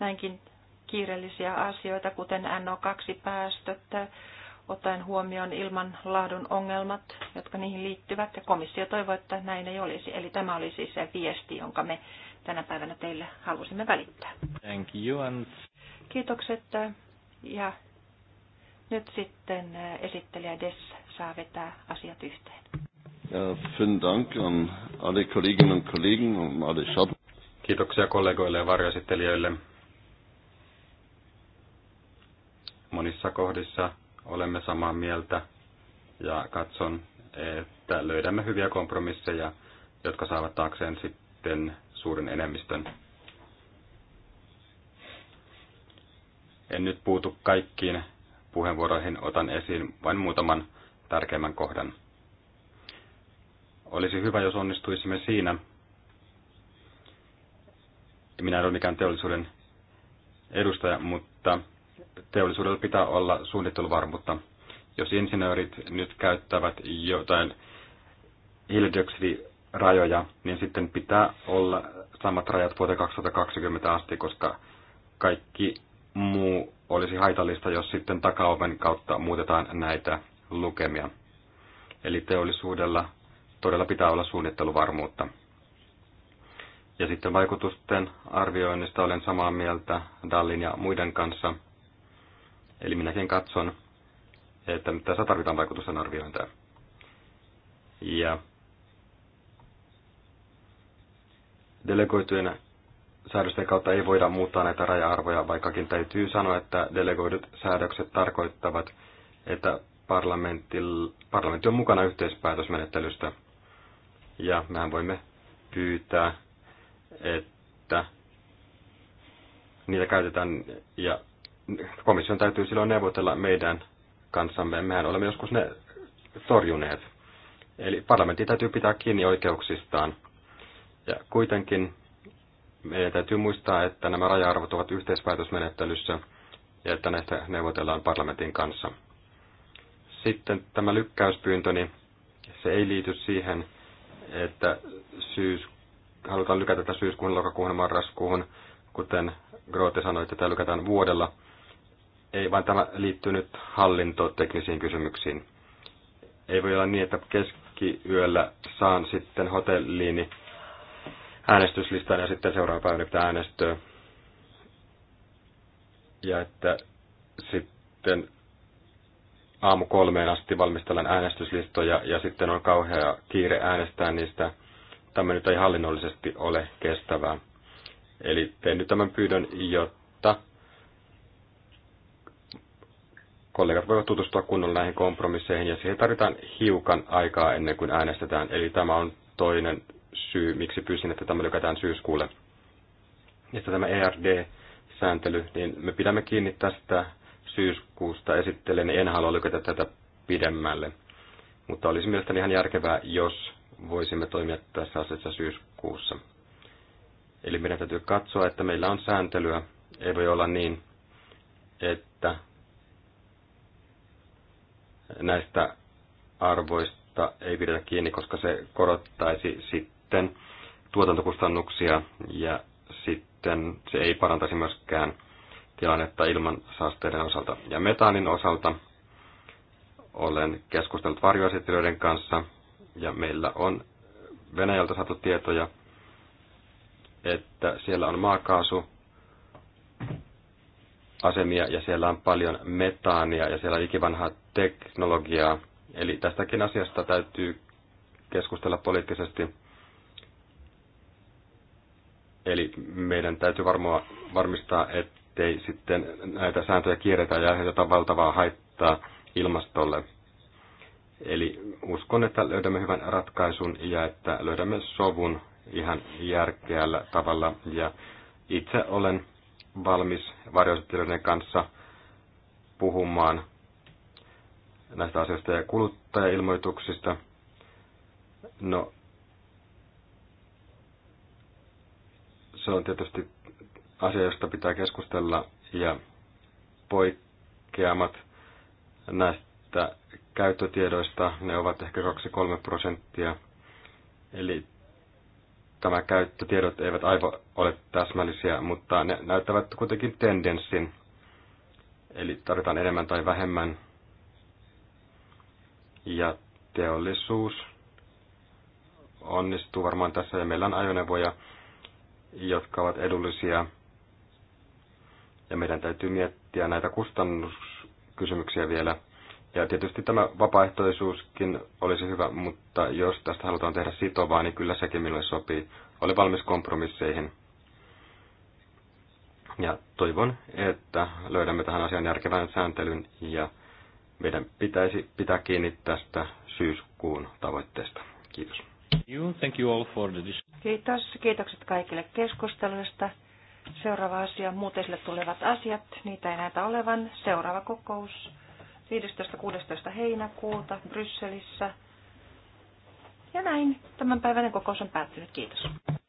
näinkin kiireellisiä asioita, kuten NO2-päästöt, ottaen huomioon ilman laadun ongelmat, jotka niihin liittyvät, ja komissio toivoo, että näin ei olisi. Eli tämä oli siis se viesti, jonka me tänä päivänä teille halusimme välittää. Thank you and... Kiitokset, ja nyt sitten eh, esittelijä Dess saa vetää asiat yhteen. Ja, alle Kiitoksia kollegoille ja varjoesittelijöille. Monissa kohdissa olemme samaa mieltä ja katson, että löydämme hyviä kompromisseja, jotka saavat taakseen sitten suuren enemmistön. En nyt puutu kaikkiin puheenvuoroihin, otan esiin vain muutaman tärkeimmän kohdan. Olisi hyvä, jos onnistuisimme siinä. Minä en ole mikään teollisuuden edustaja, mutta teollisuudella pitää olla suunnitteluvarmuutta. Jos insinöörit nyt käyttävät jotain hiilidioksidirajoja, niin sitten pitää olla samat rajat vuoteen 2020 asti, koska kaikki muu olisi haitallista, jos sitten takaoven kautta muutetaan näitä lukemia. Eli teollisuudella todella pitää olla suunnitteluvarmuutta. Ja sitten vaikutusten arvioinnista olen samaa mieltä Dallin ja muiden kanssa – Eli minäkin katson, että tässä tarvitaan vaikutusten arviointia. Ja delegoitujen säädösten kautta ei voida muuttaa näitä raja-arvoja, vaikkakin täytyy sanoa, että delegoidut säädökset tarkoittavat, että parlamentti on mukana yhteispäätösmenettelystä. Ja mehän voimme pyytää, että niitä käytetään ja komission täytyy silloin neuvotella meidän kanssamme. Mehän olemme joskus ne torjuneet. Eli parlamentti täytyy pitää kiinni oikeuksistaan. Ja kuitenkin meidän täytyy muistaa, että nämä raja-arvot ovat yhteispäätösmenettelyssä ja että näistä neuvotellaan parlamentin kanssa. Sitten tämä lykkäyspyyntö, niin se ei liity siihen, että syys, halutaan lykätä tätä syyskuun, lokakuuhun, marraskuuhun, kuten Grote sanoi, että tämä lykätään vuodella – ei vaan tämä liittyy nyt hallintoteknisiin kysymyksiin. Ei voi olla niin, että keskiyöllä saan sitten hotelliini äänestyslistan ja sitten seuraavana päivänä pitää äänestöä. Ja että sitten aamu kolmeen asti valmistellaan äänestyslistoja ja sitten on kauhea kiire äänestää niistä. Tämä nyt ei hallinnollisesti ole kestävää. Eli teen nyt tämän pyydön, jotta kollegat voivat tutustua kunnolla näihin kompromisseihin ja siihen tarvitaan hiukan aikaa ennen kuin äänestetään. Eli tämä on toinen syy, miksi pyysin, että tämä lykätään syyskuulle. Ja sitten tämä ERD-sääntely, niin me pidämme kiinni tästä syyskuusta esittelen, niin en halua lykätä tätä pidemmälle. Mutta olisi mielestäni ihan järkevää, jos voisimme toimia tässä asiassa syyskuussa. Eli meidän täytyy katsoa, että meillä on sääntelyä. Ei voi olla niin, että näistä arvoista ei pidetä kiinni, koska se korottaisi sitten tuotantokustannuksia ja sitten se ei parantaisi myöskään tilannetta ilman saasteiden osalta. Ja metaanin osalta olen keskustellut varjoesittelijöiden kanssa ja meillä on Venäjältä saatu tietoja, että siellä on maakaasu asemia ja siellä on paljon metaania ja siellä on ikivanhat teknologiaa. Eli tästäkin asiasta täytyy keskustella poliittisesti. Eli meidän täytyy varmoa, varmistaa, ettei sitten näitä sääntöjä kierretä ja aiheuteta valtavaa haittaa ilmastolle. Eli uskon, että löydämme hyvän ratkaisun ja että löydämme sovun ihan järkeällä tavalla. Ja itse olen valmis varjoisettelijoiden kanssa puhumaan näistä asioista ja kuluttajailmoituksista. No, se on tietysti asia, josta pitää keskustella ja poikkeamat näistä käyttötiedoista, ne ovat ehkä 2-3 prosenttia. Eli tämä käyttötiedot eivät aivan ole täsmällisiä, mutta ne näyttävät kuitenkin tendenssin. Eli tarvitaan enemmän tai vähemmän ja teollisuus onnistuu varmaan tässä ja meillä on ajoneuvoja, jotka ovat edullisia ja meidän täytyy miettiä näitä kustannuskysymyksiä vielä. Ja tietysti tämä vapaaehtoisuuskin olisi hyvä, mutta jos tästä halutaan tehdä sitovaa, niin kyllä sekin minulle sopii. Olen valmis kompromisseihin. Ja toivon, että löydämme tähän asian järkevän sääntelyn ja meidän pitäisi pitää kiinni tästä syyskuun tavoitteesta. Kiitos. Thank you all for the... Kiitos. Kiitokset kaikille keskustelusta. Seuraava asia, muut esille tulevat asiat, niitä ei näitä olevan. Seuraava kokous 15.16. heinäkuuta Brysselissä. Ja näin, tämän päivän kokous on päättynyt. Kiitos.